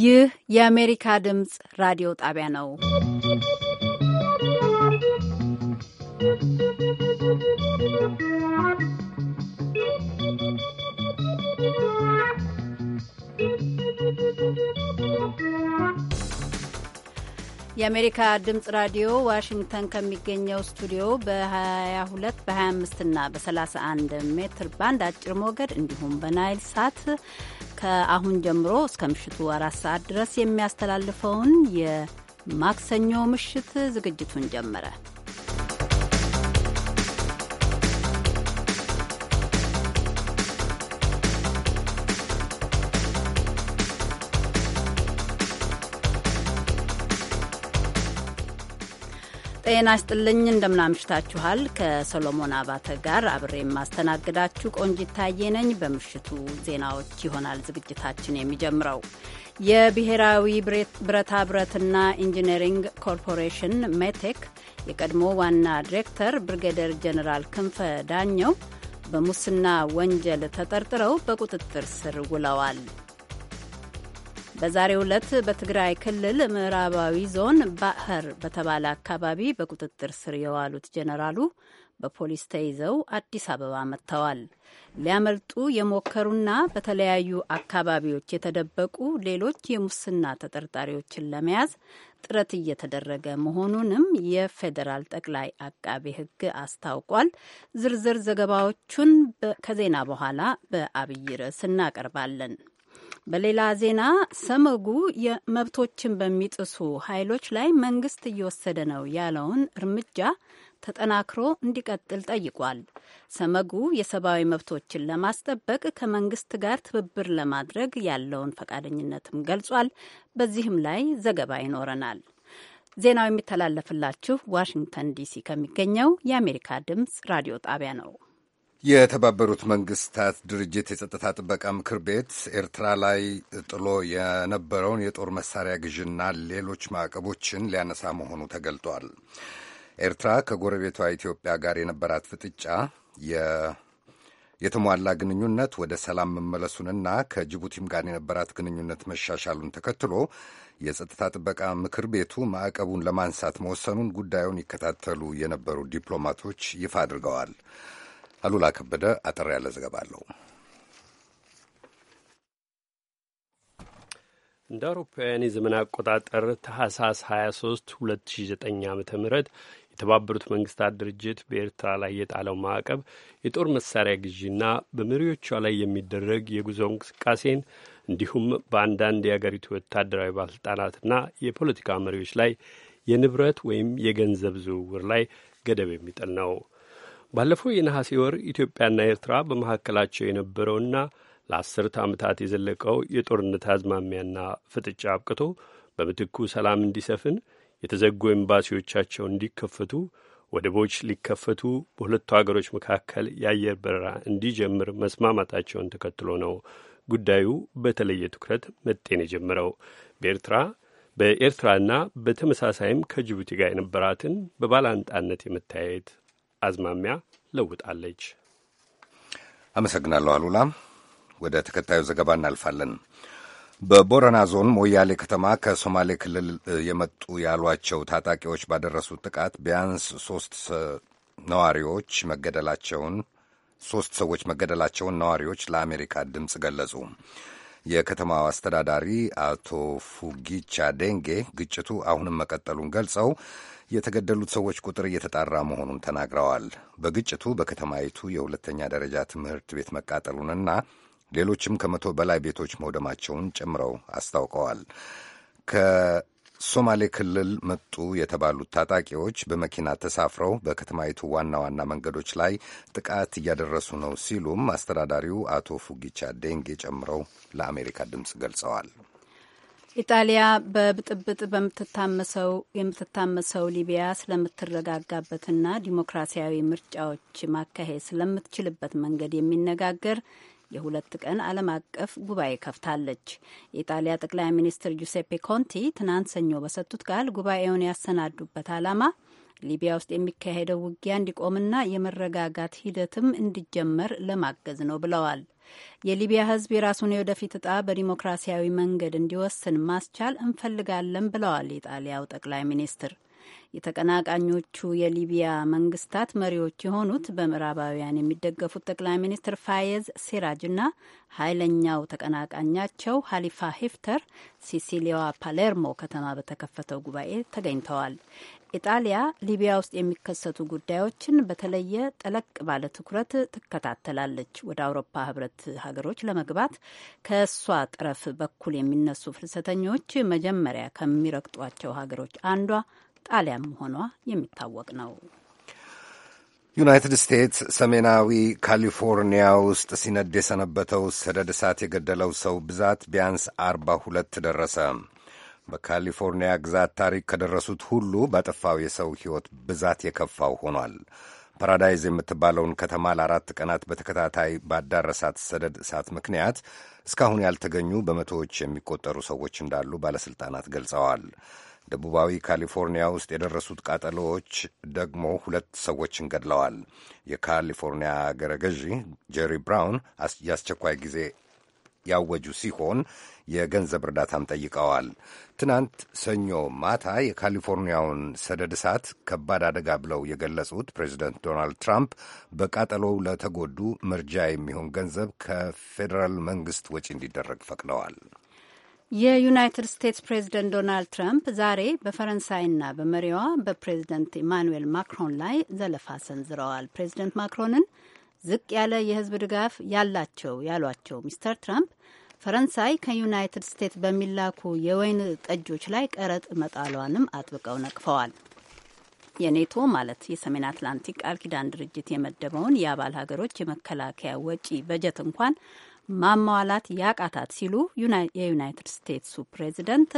ይህ የአሜሪካ ድምፅ ራዲዮ ጣቢያ ነው። የአሜሪካ ድምፅ ራዲዮ ዋሽንግተን ከሚገኘው ስቱዲዮ በ22 በ25 እና በ31 ሜትር ባንድ አጭር ሞገድ እንዲሁም በናይል ሳት ከአሁን ጀምሮ እስከ ምሽቱ አራት ሰዓት ድረስ የሚያስተላልፈውን የማክሰኞ ምሽት ዝግጅቱን ጀመረ። ጤና ይስጥልኝ እንደምናምሽታችኋል። ከሰሎሞን አባተ ጋር አብሬ የማስተናግዳችሁ ቆንጂት ታዬ ነኝ። በምሽቱ ዜናዎች ይሆናል ዝግጅታችን የሚጀምረው። የብሔራዊ ብረታ ብረትና ኢንጂነሪንግ ኮርፖሬሽን ሜቴክ የቀድሞ ዋና ዲሬክተር ብርጋዴር ጀኔራል ክንፈ ዳኘው በሙስና ወንጀል ተጠርጥረው በቁጥጥር ስር ውለዋል። በዛሬው ዕለት በትግራይ ክልል ምዕራባዊ ዞን ባህር በተባለ አካባቢ በቁጥጥር ስር የዋሉት ጀነራሉ በፖሊስ ተይዘው አዲስ አበባ መጥተዋል። ሊያመልጡ የሞከሩና በተለያዩ አካባቢዎች የተደበቁ ሌሎች የሙስና ተጠርጣሪዎችን ለመያዝ ጥረት እየተደረገ መሆኑንም የፌዴራል ጠቅላይ አቃቤ ሕግ አስታውቋል። ዝርዝር ዘገባዎቹን ከዜና በኋላ በአብይ ርዕስ እናቀርባለን። በሌላ ዜና ሰመጉ የመብቶችን በሚጥሱ ኃይሎች ላይ መንግስት እየወሰደ ነው ያለውን እርምጃ ተጠናክሮ እንዲቀጥል ጠይቋል። ሰመጉ የሰብአዊ መብቶችን ለማስጠበቅ ከመንግስት ጋር ትብብር ለማድረግ ያለውን ፈቃደኝነትም ገልጿል። በዚህም ላይ ዘገባ ይኖረናል። ዜናው የሚተላለፍላችሁ ዋሽንግተን ዲሲ ከሚገኘው የአሜሪካ ድምፅ ራዲዮ ጣቢያ ነው። የተባበሩት መንግስታት ድርጅት የጸጥታ ጥበቃ ምክር ቤት ኤርትራ ላይ ጥሎ የነበረውን የጦር መሳሪያ ግዥና ሌሎች ማዕቀቦችን ሊያነሳ መሆኑ ተገልጧል። ኤርትራ ከጎረቤቷ ኢትዮጵያ ጋር የነበራት ፍጥጫ የተሟላ ግንኙነት ወደ ሰላም መመለሱንና ከጅቡቲም ጋር የነበራት ግንኙነት መሻሻሉን ተከትሎ የጸጥታ ጥበቃ ምክር ቤቱ ማዕቀቡን ለማንሳት መወሰኑን ጉዳዩን ይከታተሉ የነበሩ ዲፕሎማቶች ይፋ አድርገዋል። አሉላ ከበደ አጠር ያለ ዘገባ አለው። እንደ አውሮፓውያን የዘመን አቆጣጠር ታህሳስ 23 2009 ዓ ም የተባበሩት መንግስታት ድርጅት በኤርትራ ላይ የጣለው ማዕቀብ የጦር መሳሪያ ግዢና በመሪዎቿ ላይ የሚደረግ የጉዞ እንቅስቃሴን እንዲሁም በአንዳንድ የአገሪቱ ወታደራዊ ባለስልጣናትና የፖለቲካ መሪዎች ላይ የንብረት ወይም የገንዘብ ዝውውር ላይ ገደብ የሚጥል ነው። ባለፈው የነሐሴ ወር ኢትዮጵያና ኤርትራ በመካከላቸው የነበረውና ለአስርተ ዓመታት የዘለቀው የጦርነት አዝማሚያና ፍጥጫ አብቅቶ በምትኩ ሰላም እንዲሰፍን የተዘጉ ኤምባሲዎቻቸው እንዲከፈቱ ወደቦች ሊከፈቱ በሁለቱ አገሮች መካከል የአየር በረራ እንዲጀምር መስማማታቸውን ተከትሎ ነው ጉዳዩ በተለየ ትኩረት መጤን የጀመረው። በኤርትራ በኤርትራና በተመሳሳይም ከጅቡቲ ጋር የነበራትን በባላንጣነት የመታየት አዝማሚያ ለውጣለች። አመሰግናለሁ አሉላ። ወደ ተከታዩ ዘገባ እናልፋለን። በቦረና ዞን ሞያሌ ከተማ ከሶማሌ ክልል የመጡ ያሏቸው ታጣቂዎች ባደረሱት ጥቃት ቢያንስ ሶስት ነዋሪዎች መገደላቸውን ሶስት ሰዎች መገደላቸውን ነዋሪዎች ለአሜሪካ ድምፅ ገለጹ። የከተማው አስተዳዳሪ አቶ ፉጊቻ ደንጌ ግጭቱ አሁንም መቀጠሉን ገልጸው የተገደሉት ሰዎች ቁጥር እየተጣራ መሆኑን ተናግረዋል። በግጭቱ በከተማይቱ የሁለተኛ ደረጃ ትምህርት ቤት መቃጠሉንና ሌሎችም ከመቶ በላይ ቤቶች መውደማቸውን ጨምረው አስታውቀዋል። ሶማሌ ክልል መጡ የተባሉት ታጣቂዎች በመኪና ተሳፍረው በከተማይቱ ዋና ዋና መንገዶች ላይ ጥቃት እያደረሱ ነው ሲሉም አስተዳዳሪው አቶ ፉጊቻ ዴንጌ ጨምረው ለአሜሪካ ድምፅ ገልጸዋል። ኢጣሊያ በብጥብጥ የምትታመሰው ሊቢያ ስለምትረጋጋበትና ዲሞክራሲያዊ ምርጫዎች ማካሄድ ስለምትችልበት መንገድ የሚነጋገር የሁለት ቀን ዓለም አቀፍ ጉባኤ ከፍታለች። የኢጣሊያ ጠቅላይ ሚኒስትር ጁሴፔ ኮንቲ ትናንት ሰኞ በሰጡት ቃል ጉባኤውን ያሰናዱበት ዓላማ ሊቢያ ውስጥ የሚካሄደው ውጊያ እንዲቆምና የመረጋጋት ሂደትም እንዲጀመር ለማገዝ ነው ብለዋል። የሊቢያ ሕዝብ የራሱን የወደፊት እጣ በዲሞክራሲያዊ መንገድ እንዲወስን ማስቻል እንፈልጋለን ብለዋል የጣሊያው ጠቅላይ ሚኒስትር የተቀናቃኞቹ የሊቢያ መንግስታት መሪዎች የሆኑት በምዕራባውያን የሚደገፉት ጠቅላይ ሚኒስትር ፋየዝ ሲራጅና ኃይለኛው ተቀናቃኛቸው ሀሊፋ ሂፍተር ሲሲሊያዋ ፓሌርሞ ከተማ በተከፈተው ጉባኤ ተገኝተዋል። ኢጣሊያ ሊቢያ ውስጥ የሚከሰቱ ጉዳዮችን በተለየ ጠለቅ ባለ ትኩረት ትከታተላለች። ወደ አውሮፓ ህብረት ሀገሮች ለመግባት ከእሷ ጠረፍ በኩል የሚነሱ ፍልሰተኞች መጀመሪያ ከሚረግጧቸው ሀገሮች አንዷ ጣሊያን መሆኗ የሚታወቅ ነው። ዩናይትድ ስቴትስ ሰሜናዊ ካሊፎርኒያ ውስጥ ሲነድ የሰነበተው ሰደድ እሳት የገደለው ሰው ብዛት ቢያንስ አርባ ሁለት ደረሰ። በካሊፎርኒያ ግዛት ታሪክ ከደረሱት ሁሉ ባጠፋው የሰው ሕይወት ብዛት የከፋው ሆኗል። ፓራዳይዝ የምትባለውን ከተማ ለአራት ቀናት በተከታታይ ባዳረሳት ሰደድ እሳት ምክንያት እስካሁን ያልተገኙ በመቶዎች የሚቆጠሩ ሰዎች እንዳሉ ባለሥልጣናት ገልጸዋል። ደቡባዊ ካሊፎርኒያ ውስጥ የደረሱት ቃጠሎዎች ደግሞ ሁለት ሰዎችን ገድለዋል። የካሊፎርኒያ አገረ ገዢ ጄሪ ብራውን የአስቸኳይ ጊዜ ያወጁ ሲሆን የገንዘብ እርዳታም ጠይቀዋል። ትናንት ሰኞ ማታ የካሊፎርኒያውን ሰደድ እሳት ከባድ አደጋ ብለው የገለጹት ፕሬዚደንት ዶናልድ ትራምፕ በቃጠሎው ለተጎዱ መርጃ የሚሆን ገንዘብ ከፌዴራል መንግስት ወጪ እንዲደረግ ፈቅደዋል። የዩናይትድ ስቴትስ ፕሬዝደንት ዶናልድ ትራምፕ ዛሬ በፈረንሳይና በመሪዋ በፕሬዝደንት ኢማኑኤል ማክሮን ላይ ዘለፋ ሰንዝረዋል። ፕሬዝደንት ማክሮንን ዝቅ ያለ የህዝብ ድጋፍ ያላቸው ያሏቸው ሚስተር ትራምፕ ፈረንሳይ ከዩናይትድ ስቴትስ በሚላኩ የወይን ጠጆች ላይ ቀረጥ መጣሏንም አጥብቀው ነቅፈዋል። የኔቶ ማለት የሰሜን አትላንቲክ ቃል ኪዳን ድርጅት የመደበውን የአባል ሀገሮች የመከላከያ ወጪ በጀት እንኳን ማሟላት ያቃታት ሲሉ የዩናይትድ ስቴትሱ ፕሬዚደንት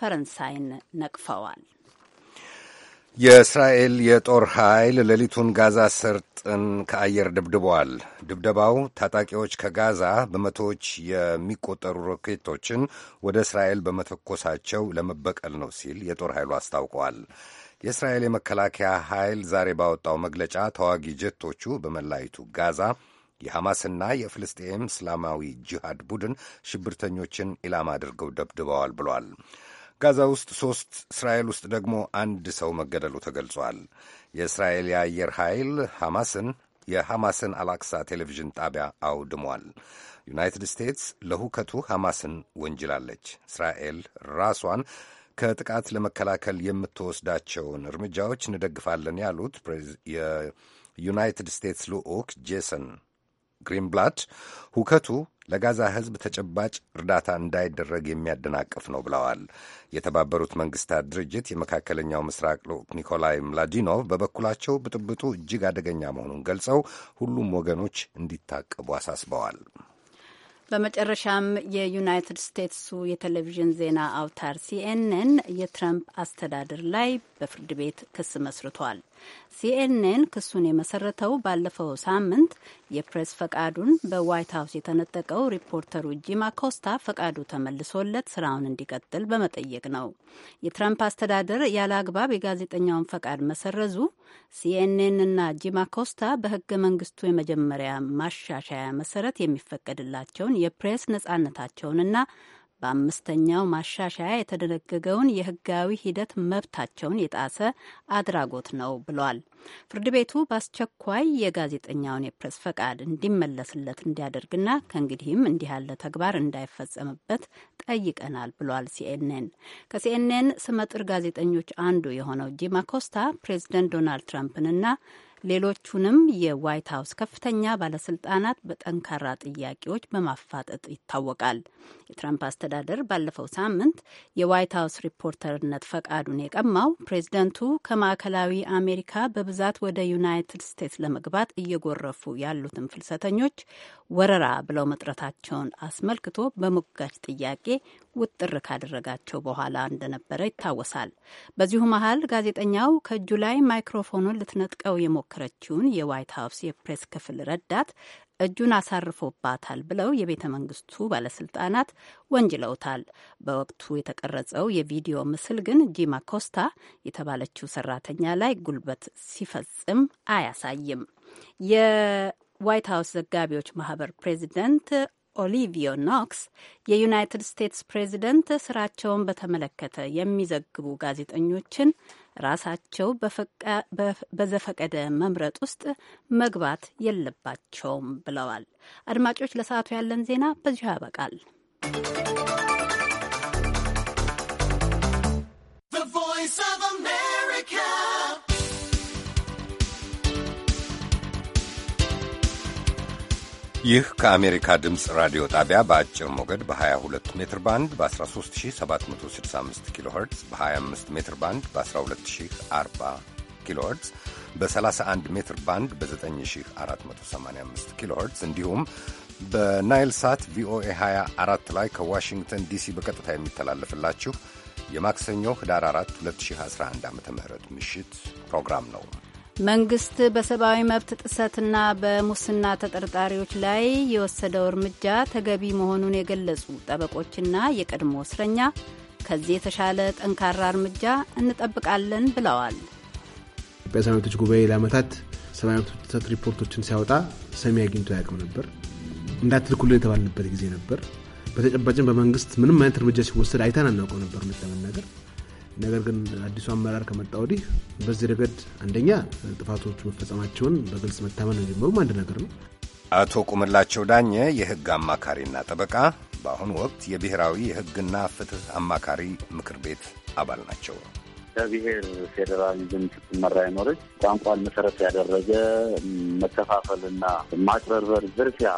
ፈረንሳይን ነቅፈዋል። የእስራኤል የጦር ኃይል ሌሊቱን ጋዛ ሰርጥን ከአየር ደብድበዋል። ድብደባው ታጣቂዎች ከጋዛ በመቶዎች የሚቆጠሩ ሮኬቶችን ወደ እስራኤል በመተኮሳቸው ለመበቀል ነው ሲል የጦር ኃይሉ አስታውቀዋል። የእስራኤል የመከላከያ ኃይል ዛሬ ባወጣው መግለጫ ተዋጊ ጀቶቹ በመላይቱ ጋዛ የሐማስና የፍልስጤም እስላማዊ ጂሃድ ቡድን ሽብርተኞችን ኢላማ አድርገው ደብድበዋል ብሏል። ጋዛ ውስጥ ሦስት፣ እስራኤል ውስጥ ደግሞ አንድ ሰው መገደሉ ተገልጿል። የእስራኤል የአየር ኃይል ሐማስን የሐማስን አላክሳ ቴሌቪዥን ጣቢያ አውድሟል። ዩናይትድ ስቴትስ ለሁከቱ ሐማስን ወንጅላለች። እስራኤል ራሷን ከጥቃት ለመከላከል የምትወስዳቸውን እርምጃዎች እንደግፋለን ያሉት የዩናይትድ ስቴትስ ልዑክ ጄሰን ግሪንብላት ሁከቱ ለጋዛ ሕዝብ ተጨባጭ እርዳታ እንዳይደረግ የሚያደናቅፍ ነው ብለዋል። የተባበሩት መንግስታት ድርጅት የመካከለኛው ምስራቅ ልዑክ ኒኮላይ ምላዲኖቭ በበኩላቸው ብጥብጡ እጅግ አደገኛ መሆኑን ገልጸው ሁሉም ወገኖች እንዲታቀቡ አሳስበዋል። በመጨረሻም የዩናይትድ ስቴትሱ የቴሌቪዥን ዜና አውታር ሲኤንኤን የትራምፕ አስተዳደር ላይ በፍርድ ቤት ክስ መስርቷል። ሲኤንኤን ክሱን የመሰረተው ባለፈው ሳምንት የፕሬስ ፈቃዱን በዋይት ሀውስ የተነጠቀው ሪፖርተሩ ጂም አኮስታ ፈቃዱ ተመልሶለት ስራውን እንዲቀጥል በመጠየቅ ነው። የትራምፕ አስተዳደር ያለ አግባብ የጋዜጠኛውን ፈቃድ መሰረዙ ሲኤንኤንና ጂም አኮስታ በህገ መንግስቱ የመጀመሪያ ማሻሻያ መሰረት የሚፈቀድላቸውን የፕሬስ ነጻነታቸውንና በአምስተኛው ማሻሻያ የተደነገገውን የህጋዊ ሂደት መብታቸውን የጣሰ አድራጎት ነው ብሏል። ፍርድ ቤቱ በአስቸኳይ የጋዜጠኛውን የፕሬስ ፈቃድ እንዲመለስለት እንዲያደርግና ከእንግዲህም እንዲህ ያለ ተግባር እንዳይፈጸምበት ጠይቀናል ብሏል። ሲኤንኤን ከሲኤንኤን ስመጥር ጋዜጠኞች አንዱ የሆነው ጂም አኮስታ ፕሬዚደንት ዶናልድ ትራምፕንና ሌሎቹንም የዋይት ሀውስ ከፍተኛ ባለስልጣናት በጠንካራ ጥያቄዎች በማፋጠጥ ይታወቃል። የትራምፕ አስተዳደር ባለፈው ሳምንት የዋይት ሀውስ ሪፖርተርነት ፈቃዱን የቀማው ፕሬዚደንቱ ከማዕከላዊ አሜሪካ በብዛት ወደ ዩናይትድ ስቴትስ ለመግባት እየጎረፉ ያሉትን ፍልሰተኞች ወረራ ብለው መጥረታቸውን አስመልክቶ በሞጋች ጥያቄ ውጥር ካደረጋቸው በኋላ እንደነበረ ይታወሳል። በዚሁ መሀል ጋዜጠኛው ከእጁ ላይ ማይክሮፎኑን ልትነጥቀው የሞከረችውን የዋይት ሀውስ የፕሬስ ክፍል ረዳት እጁን አሳርፎባታል ብለው የቤተ መንግስቱ ባለስልጣናት ወንጅለውታል። በወቅቱ የተቀረጸው የቪዲዮ ምስል ግን ጂማ ኮስታ የተባለችው ሰራተኛ ላይ ጉልበት ሲፈጽም አያሳይም። የዋይት ሀውስ ዘጋቢዎች ማህበር ፕሬዚደንት ኦሊቪዮ ኖክስ የዩናይትድ ስቴትስ ፕሬዚደንት ስራቸውን በተመለከተ የሚዘግቡ ጋዜጠኞችን ራሳቸው በዘፈቀደ መምረጥ ውስጥ መግባት የለባቸውም ብለዋል። አድማጮች፣ ለሰዓቱ ያለን ዜና በዚሁ ያበቃል። ይህ ከአሜሪካ ድምፅ ራዲዮ ጣቢያ በአጭር ሞገድ በ22 ሜትር ባንድ በ13765 ኪሎ ኸርትዝ በ25 ሜትር ባንድ በ1240 ኪሎ ኸርትዝ በ31 ሜትር ባንድ በ9485 ኪሎ ኸርትዝ እንዲሁም በናይል ሳት ቪኦኤ 24 ላይ ከዋሽንግተን ዲሲ በቀጥታ የሚተላለፍላችሁ የማክሰኞ ህዳር 4 2011 ዓ ም ምሽት ፕሮግራም ነው። መንግስት በሰብአዊ መብት ጥሰትና በሙስና ተጠርጣሪዎች ላይ የወሰደው እርምጃ ተገቢ መሆኑን የገለጹ ጠበቆችና የቀድሞ እስረኛ ከዚህ የተሻለ ጠንካራ እርምጃ እንጠብቃለን ብለዋል። ኢትዮጵያ ሰብአዊ መብቶች ጉባኤ ለዓመታት ሰብአዊ ጥሰት ሪፖርቶችን ሲያወጣ ሰሚ አግኝቶ ያቅም ነበር። እንዳትልኩልን የተባልንበት ጊዜ ነበር። በተጨባጭም በመንግስት ምንም አይነት እርምጃ ሲወሰድ አይተን አናውቀው ነበር። ነገር ነገር ግን አዲሱ አመራር ከመጣ ወዲህ በዚህ ረገድ አንደኛ ጥፋቶቹ መፈጸማቸውን በግልጽ መታመን ነው የጀመሩም አንድ ነገር ነው። አቶ ቁምላቸው ዳኘ የህግ አማካሪና ጠበቃ በአሁኑ ወቅት የብሔራዊ የህግና ፍትህ አማካሪ ምክር ቤት አባል ናቸው። ከብሔር ፌዴራሊዝም ስትመራ የኖረች ቋንቋን መሰረት ያደረገ መከፋፈልና ማጭበርበር፣ ዝርፊያ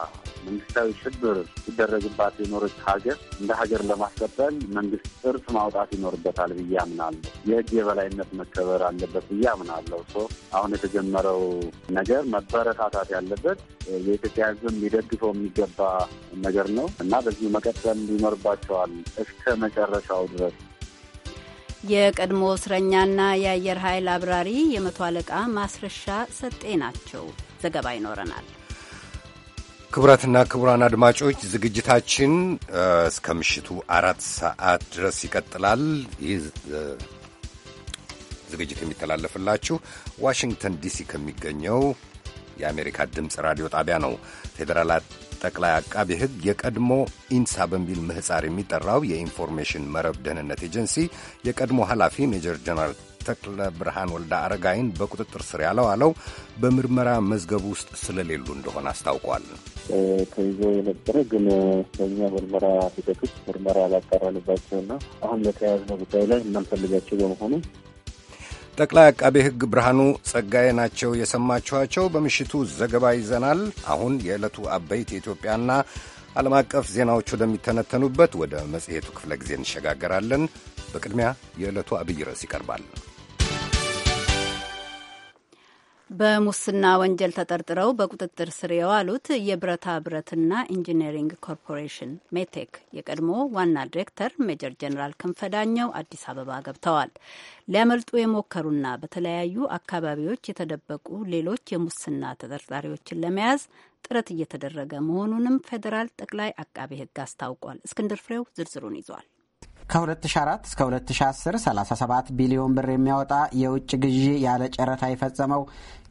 መንግስታዊ ሽብር ሲደረግባት የኖረች ሀገር እንደ ሀገር ለማስቀጠል መንግስት ጥርስ ማውጣት ይኖርበታል ብዬ አምናለሁ። የህግ የበላይነት መከበር አለበት ብዬ አምናለሁ። ሶ አሁን የተጀመረው ነገር መበረታታት ያለበት የኢትዮጵያ ህዝብም ሊደግፈው የሚገባ ነገር ነው እና በዚህ መቀጠል ይኖርባቸዋል እስከ መጨረሻው ድረስ። የቀድሞ እስረኛና የአየር ኃይል አብራሪ የመቶ አለቃ ማስረሻ ሰጤ ናቸው። ዘገባ ይኖረናል። ክቡራትና ክቡራን አድማጮች ዝግጅታችን እስከ ምሽቱ አራት ሰዓት ድረስ ይቀጥላል። ይህ ዝግጅት የሚተላለፍላችሁ ዋሽንግተን ዲሲ ከሚገኘው የአሜሪካ ድምፅ ራዲዮ ጣቢያ ነው። ፌዴራላት ጠቅላይ አቃቤ ሕግ የቀድሞ ኢንሳ በሚል ምህፃር የሚጠራው የኢንፎርሜሽን መረብ ደህንነት ኤጀንሲ የቀድሞ ኃላፊ ሜጀር ጀነራል ተክለ ብርሃን ወልደ አረጋይን በቁጥጥር ስር ያለው አለው በምርመራ መዝገብ ውስጥ ስለሌሉ እንደሆነ አስታውቋል። ተይዞ የነበረ ግን በኛ ምርመራ ሂደት ውስጥ ምርመራ አላጣራንባቸውና አሁን ለተያያዝነው ጉዳይ ላይ እናንፈልጋቸው በመሆኑ ጠቅላይ አቃቤ ሕግ ብርሃኑ ጸጋዬ ናቸው የሰማችኋቸው። በምሽቱ ዘገባ ይዘናል። አሁን የዕለቱ አበይት የኢትዮጵያና ዓለም አቀፍ ዜናዎች ወደሚተነተኑበት ወደ መጽሔቱ ክፍለ ጊዜ እንሸጋገራለን። በቅድሚያ የዕለቱ አብይ ርዕስ ይቀርባል። በሙስና ወንጀል ተጠርጥረው በቁጥጥር ስር የዋሉት የብረታ ብረትና ኢንጂነሪንግ ኮርፖሬሽን ሜቴክ የቀድሞ ዋና ዲሬክተር ሜጀር ጀኔራል ክንፈ ዳኘው አዲስ አበባ ገብተዋል። ሊያመልጡ የሞከሩና በተለያዩ አካባቢዎች የተደበቁ ሌሎች የሙስና ተጠርጣሪዎችን ለመያዝ ጥረት እየተደረገ መሆኑንም ፌዴራል ጠቅላይ አቃቤ ሕግ አስታውቋል። እስክንድር ፍሬው ዝርዝሩን ይዟል። ከ2004 እስከ 2010 37 ቢሊዮን ብር የሚያወጣ የውጭ ግዢ ያለ ጨረታ የፈጸመው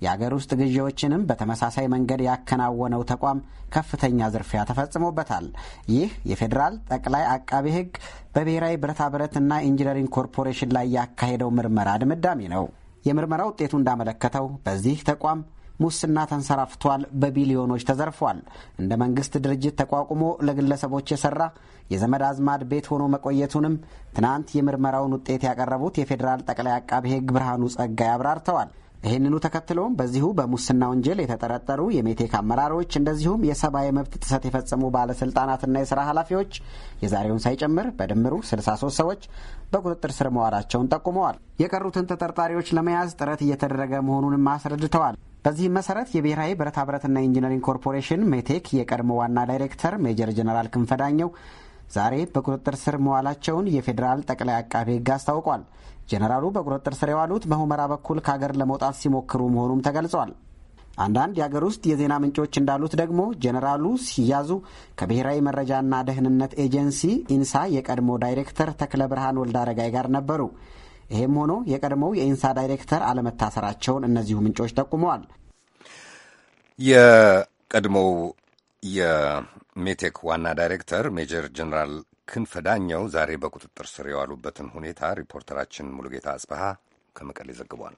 የአገር ውስጥ ግዢዎችንም በተመሳሳይ መንገድ ያከናወነው ተቋም ከፍተኛ ዝርፊያ ተፈጽሞበታል። ይህ የፌዴራል ጠቅላይ አቃቢ ሕግ በብሔራዊ ብረታ ብረትና ኢንጂነሪንግ ኮርፖሬሽን ላይ ያካሄደው ምርመራ ድምዳሜ ነው። የምርመራ ውጤቱ እንዳመለከተው በዚህ ተቋም ሙስና ተንሰራፍቷል፣ በቢሊዮኖች ተዘርፏል። እንደ መንግስት ድርጅት ተቋቁሞ ለግለሰቦች የሰራ የዘመድ አዝማድ ቤት ሆኖ መቆየቱንም ትናንት የምርመራውን ውጤት ያቀረቡት የፌዴራል ጠቅላይ አቃቤ ሕግ ብርሃኑ ጸጋይ አብራርተዋል። ይህንኑ ተከትሎም በዚሁ በሙስና ወንጀል የተጠረጠሩ የሜቴክ አመራሮች እንደዚሁም የሰብአዊ መብት ጥሰት የፈጸሙ ባለስልጣናትና የስራ ኃላፊዎች የዛሬውን ሳይጨምር በድምሩ 63 ሰዎች በቁጥጥር ስር መዋላቸውን ጠቁመዋል። የቀሩትን ተጠርጣሪዎች ለመያዝ ጥረት እየተደረገ መሆኑንም አስረድተዋል። በዚህም መሰረት የብሔራዊ ብረታ ብረትና ኢንጂነሪንግ ኮርፖሬሽን ሜቴክ የቀድሞ ዋና ዳይሬክተር ሜጀር ጀነራል ክንፈዳኘው ዛሬ በቁጥጥር ስር መዋላቸውን የፌዴራል ጠቅላይ አቃቤ ሕግ አስታውቋል። ጀነራሉ በቁጥጥር ስር የዋሉት በሁመራ በኩል ከሀገር ለመውጣት ሲሞክሩ መሆኑም ተገልጿል። አንዳንድ የአገር ውስጥ የዜና ምንጮች እንዳሉት ደግሞ ጀነራሉ ሲያዙ ከብሔራዊ መረጃና ደህንነት ኤጀንሲ ኢንሳ የቀድሞ ዳይሬክተር ተክለ ብርሃን አረጋይ ጋር ነበሩ። ይህም ሆኖ የቀድሞው የኢንሳ ዳይሬክተር አለመታሰራቸውን እነዚሁ ምንጮች ጠቁመዋል። የቀድሞው የሜቴክ ዋና ዳይሬክተር ሜጀር ጀኔራል ክንፈ ዳኘው ዛሬ በቁጥጥር ስር የዋሉበትን ሁኔታ ሪፖርተራችን ሙሉጌታ አጽበሃ ከመቀሌ ዘግቧል።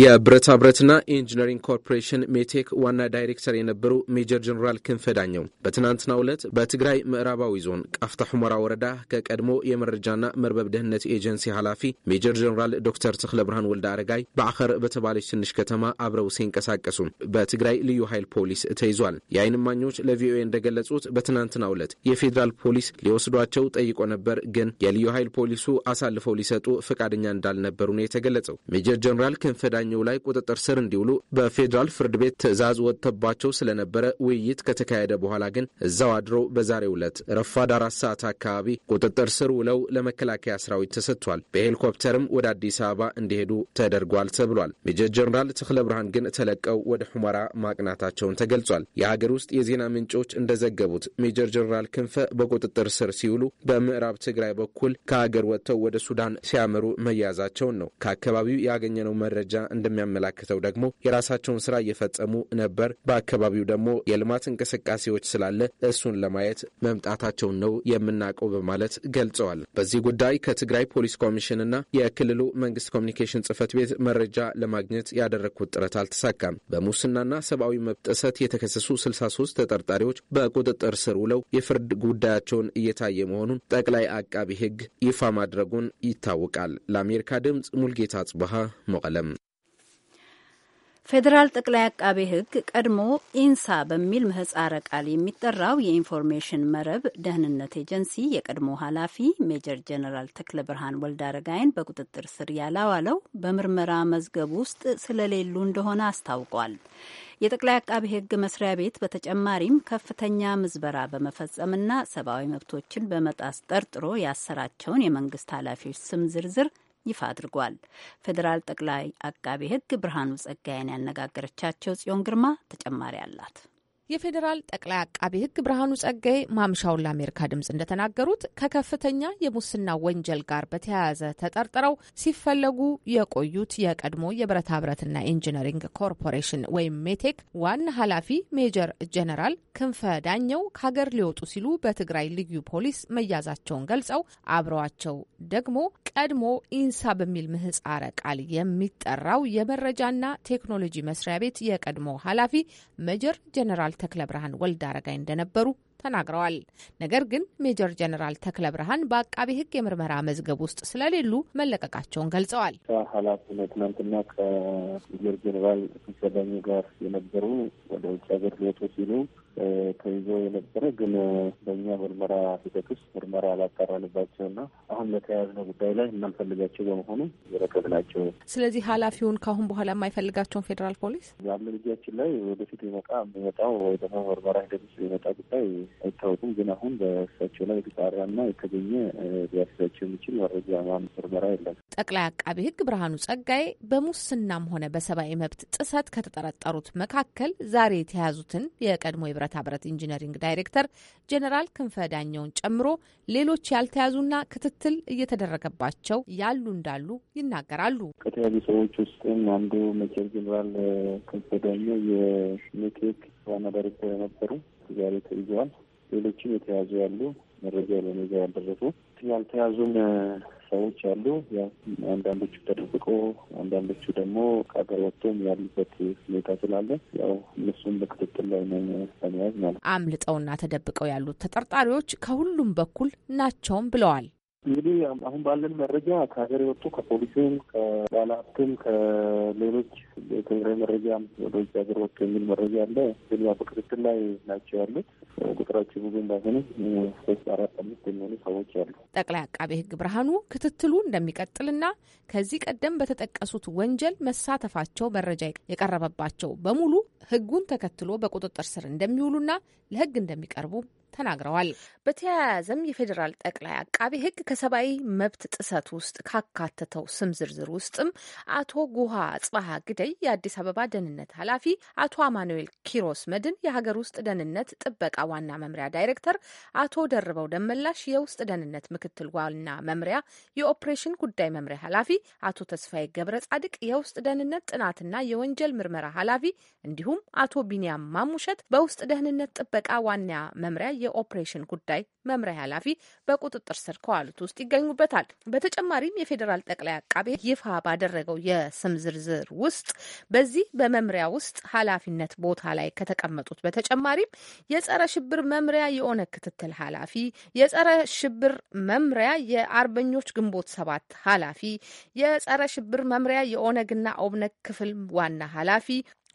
የብረታ ብረትና ኢንጂነሪንግ ኮርፖሬሽን ሜቴክ ዋና ዳይሬክተር የነበሩ ሜጀር ጀኔራል ክንፈ ዳኘው በትናንትናው ዕለት በትግራይ ምዕራባዊ ዞን ቃፍታ ሑመራ ወረዳ ከቀድሞ የመረጃና መርበብ ደህንነት ኤጀንሲ ኃላፊ ሜጀር ጀኔራል ዶክተር ተክለ ብርሃን ወልደ አረጋይ በአኸር በተባለች ትንሽ ከተማ አብረው ሲንቀሳቀሱ በትግራይ ልዩ ኃይል ፖሊስ ተይዟል። የዓይን እማኞች ለቪኦኤ እንደገለጹት በትናንትናው ዕለት የፌዴራል ፖሊስ ሊወስዷቸው ጠይቆ ነበር፣ ግን የልዩ ኃይል ፖሊሱ አሳልፈው ሊሰጡ ፈቃደኛ እንዳልነበሩ ነው የተገለጸው። ሜጀር ጀኔራል ክንፈ በዳኘው ላይ ቁጥጥር ስር እንዲውሉ በፌዴራል ፍርድ ቤት ትዕዛዝ ወጥተባቸው ስለነበረ ውይይት ከተካሄደ በኋላ ግን እዛው አድሮ በዛሬው ዕለት ረፋድ አራት ሰዓት አካባቢ ቁጥጥር ስር ውለው ለመከላከያ ሰራዊት ተሰጥቷል። በሄሊኮፕተርም ወደ አዲስ አበባ እንዲሄዱ ተደርጓል ተብሏል። ሜጀር ጀኔራል ተክለ ብርሃን ግን ተለቀው ወደ ሁመራ ማቅናታቸውን ተገልጿል። የሀገር ውስጥ የዜና ምንጮች እንደዘገቡት ሜጀር ጀኔራል ክንፈ በቁጥጥር ስር ሲውሉ በምዕራብ ትግራይ በኩል ከሀገር ወጥተው ወደ ሱዳን ሲያመሩ መያዛቸውን ነው ከአካባቢው ያገኘነው መረጃ እንደሚያመላክተው ደግሞ የራሳቸውን ስራ እየፈጸሙ ነበር። በአካባቢው ደግሞ የልማት እንቅስቃሴዎች ስላለ እሱን ለማየት መምጣታቸውን ነው የምናውቀው በማለት ገልጸዋል። በዚህ ጉዳይ ከትግራይ ፖሊስ ኮሚሽንና የክልሉ መንግስት ኮሚኒኬሽን ጽህፈት ቤት መረጃ ለማግኘት ያደረግኩት ጥረት አልተሳካም። በሙስናና ሰብአዊ መብት ጥሰት የተከሰሱ 63 ተጠርጣሪዎች በቁጥጥር ስር ውለው የፍርድ ጉዳያቸውን እየታየ መሆኑን ጠቅላይ አቃቢ ሕግ ይፋ ማድረጉን ይታወቃል። ለአሜሪካ ድምፅ ሙልጌታ ጽበሃ መቀለም ፌዴራል ጠቅላይ አቃቤ ሕግ ቀድሞ ኢንሳ በሚል ምህጻረ ቃል የሚጠራው የኢንፎርሜሽን መረብ ደህንነት ኤጀንሲ የቀድሞ ኃላፊ ሜጀር ጀነራል ተክለ ብርሃን አረጋይን በቁጥጥር ስር ያላዋለው በምርመራ መዝገብ ውስጥ ስለሌሉ እንደሆነ አስታውቋል። የጠቅላይ አቃቤ ሕግ መስሪያ ቤት በተጨማሪም ከፍተኛ ምዝበራ በመፈጸምና ሰብአዊ መብቶችን በመጣስ ጠርጥሮ ያሰራቸውን የመንግስት ኃላፊዎች ስም ዝርዝር ይፋ አድርጓል። ፌዴራል ጠቅላይ አቃቤ ሕግ ብርሃኑ ጸጋዬን ያነጋገረቻቸው ጽዮን ግርማ ተጨማሪ አላት። የፌዴራል ጠቅላይ አቃቤ ሕግ ብርሃኑ ጸጋይ ማምሻውን ለአሜሪካ ድምፅ እንደተናገሩት ከከፍተኛ የሙስና ወንጀል ጋር በተያያዘ ተጠርጥረው ሲፈለጉ የቆዩት የቀድሞ የብረታ ብረትና ኢንጂነሪንግ ኮርፖሬሽን ወይም ሜቴክ ዋና ኃላፊ ሜጀር ጀነራል ክንፈ ዳኘው ከሀገር ሊወጡ ሲሉ በትግራይ ልዩ ፖሊስ መያዛቸውን ገልጸው አብረዋቸው ደግሞ ቀድሞ ኢንሳ በሚል ምህጻረ ቃል የሚጠራው የመረጃና ቴክኖሎጂ መስሪያ ቤት የቀድሞ ኃላፊ ሜጀር ጀነራል ጀነራል ተክለ ብርሃን ወልድ አረጋይ እንደነበሩ ተናግረዋል። ነገር ግን ሜጀር ጀነራል ተክለ ብርሃን በአቃቢ ሕግ የምርመራ መዝገብ ውስጥ ስለሌሉ መለቀቃቸውን ገልጸዋል። ኃላፊነት ትናንትና ከሜጀር ጀነራል ዳኘ ጋር የነበሩ ወደ ውጭ ሀገር ሊወጡ ሲሉ ተይዞ የነበረ ግን በእኛ ምርመራ ሂደት ውስጥ ምርመራ አላጣራንባቸውና አሁን በተያያዝነው ጉዳይ ላይ የማንፈልጋቸው በመሆኑ ናቸው። ስለዚህ ኃላፊውን ከአሁን በኋላ የማይፈልጋቸውን ፌዴራል ፖሊስ ያለ ልጃችን ላይ ወደፊት ይመጣ የሚመጣው ወይ ደግሞ ምርመራ ሂደት ውስጥ የሚመጣ ጉዳይ አይታወቁም። ግን አሁን በእሳቸው ላይ የተጣራና የተገኘ ሊያስዛቸው የሚችል መረጃ ማን ምርመራ የለም። ጠቅላይ አቃቢ ሕግ ብርሃኑ ጸጋዬ በሙስናም ሆነ በሰብአዊ መብት ጥሰት ከተጠረጠሩት መካከል ዛሬ የተያዙትን የቀድሞ የብረታ ብረት ኢንጂነሪንግ ዳይሬክተር ጄኔራል ክንፈ ዳኘውን ጨምሮ ሌሎች ያልተያዙና ክትትል እየተደረገባቸው ያሉ እንዳሉ ይናገራሉ። ከተያዙ ሰዎች ውስጥም አንዱ ሜጀር ጄኔራል ክንፈ ዳኘው የሜቴክ ዋና ዳይሬክተር የነበሩ ዛሬ ተይዘዋል። ሌሎችም የተያዙ ያሉ መረጃ ለኔ ጋር ያልደረሱ ያልተያዙም ሰዎች አሉ። ያው አንዳንዶቹ ተደብቆ፣ አንዳንዶቹ ደግሞ ከሀገር ወጥቶም ያሉበት ሁኔታ ስላለ ያው እነሱም በክትትል ላይ ነው ለመያዝ ማለት አምልጠውና ተደብቀው ያሉት ተጠርጣሪዎች ከሁሉም በኩል ናቸውም ብለዋል እንግዲህ አሁን ባለን መረጃ ከሀገር የወጡ ከፖሊስም ከባለሀብትም ከሌሎች የትግራይ መረጃ ወደ ውጭ ሀገር ወጡ የሚል መረጃ አለ። ግን ያው በክትትል ላይ ናቸው ያሉት። ቁጥራቸው ብዙ እንዳይሆነ ሶስት አራት አምስት የሚሆኑ ሰዎች አሉ። ጠቅላይ አቃቤ ሕግ ብርሃኑ ክትትሉ እንደሚቀጥልና ከዚህ ቀደም በተጠቀሱት ወንጀል መሳተፋቸው መረጃ የቀረበባቸው በሙሉ ሕጉን ተከትሎ በቁጥጥር ስር እንደሚውሉና ለሕግ እንደሚቀርቡ ተናግረዋል። በተያያዘም የፌዴራል ጠቅላይ አቃቢ ሕግ ከሰብአዊ መብት ጥሰት ውስጥ ካካተተው ስም ዝርዝር ውስጥም አቶ ጉሃ ጽባሃ ግደይ የአዲስ አበባ ደህንነት ኃላፊ፣ አቶ አማኑኤል ኪሮስ መድን የሀገር ውስጥ ደህንነት ጥበቃ ዋና መምሪያ ዳይሬክተር፣ አቶ ደርበው ደመላሽ የውስጥ ደህንነት ምክትል ዋና መምሪያ የኦፕሬሽን ጉዳይ መምሪያ ኃላፊ፣ አቶ ተስፋዬ ገብረ ጻድቅ የውስጥ ደህንነት ጥናትና የወንጀል ምርመራ ኃላፊ እንዲሁም አቶ ቢንያም ማሙሸት በውስጥ ደህንነት ጥበቃ ዋና መምሪያ የኦፕሬሽን ጉዳይ መምሪያ ኃላፊ በቁጥጥር ስር ከዋሉት ውስጥ ይገኙበታል። በተጨማሪም የፌዴራል ጠቅላይ አቃቤ ይፋ ባደረገው የስም ዝርዝር ውስጥ በዚህ በመምሪያ ውስጥ ኃላፊነት ቦታ ላይ ከተቀመጡት በተጨማሪም የጸረ ሽብር መምሪያ የኦነግ ክትትል ኃላፊ፣ የጸረ ሽብር መምሪያ የአርበኞች ግንቦት ሰባት ኃላፊ፣ የጸረ ሽብር መምሪያ የኦነግና ኦብነግ ክፍል ዋና ኃላፊ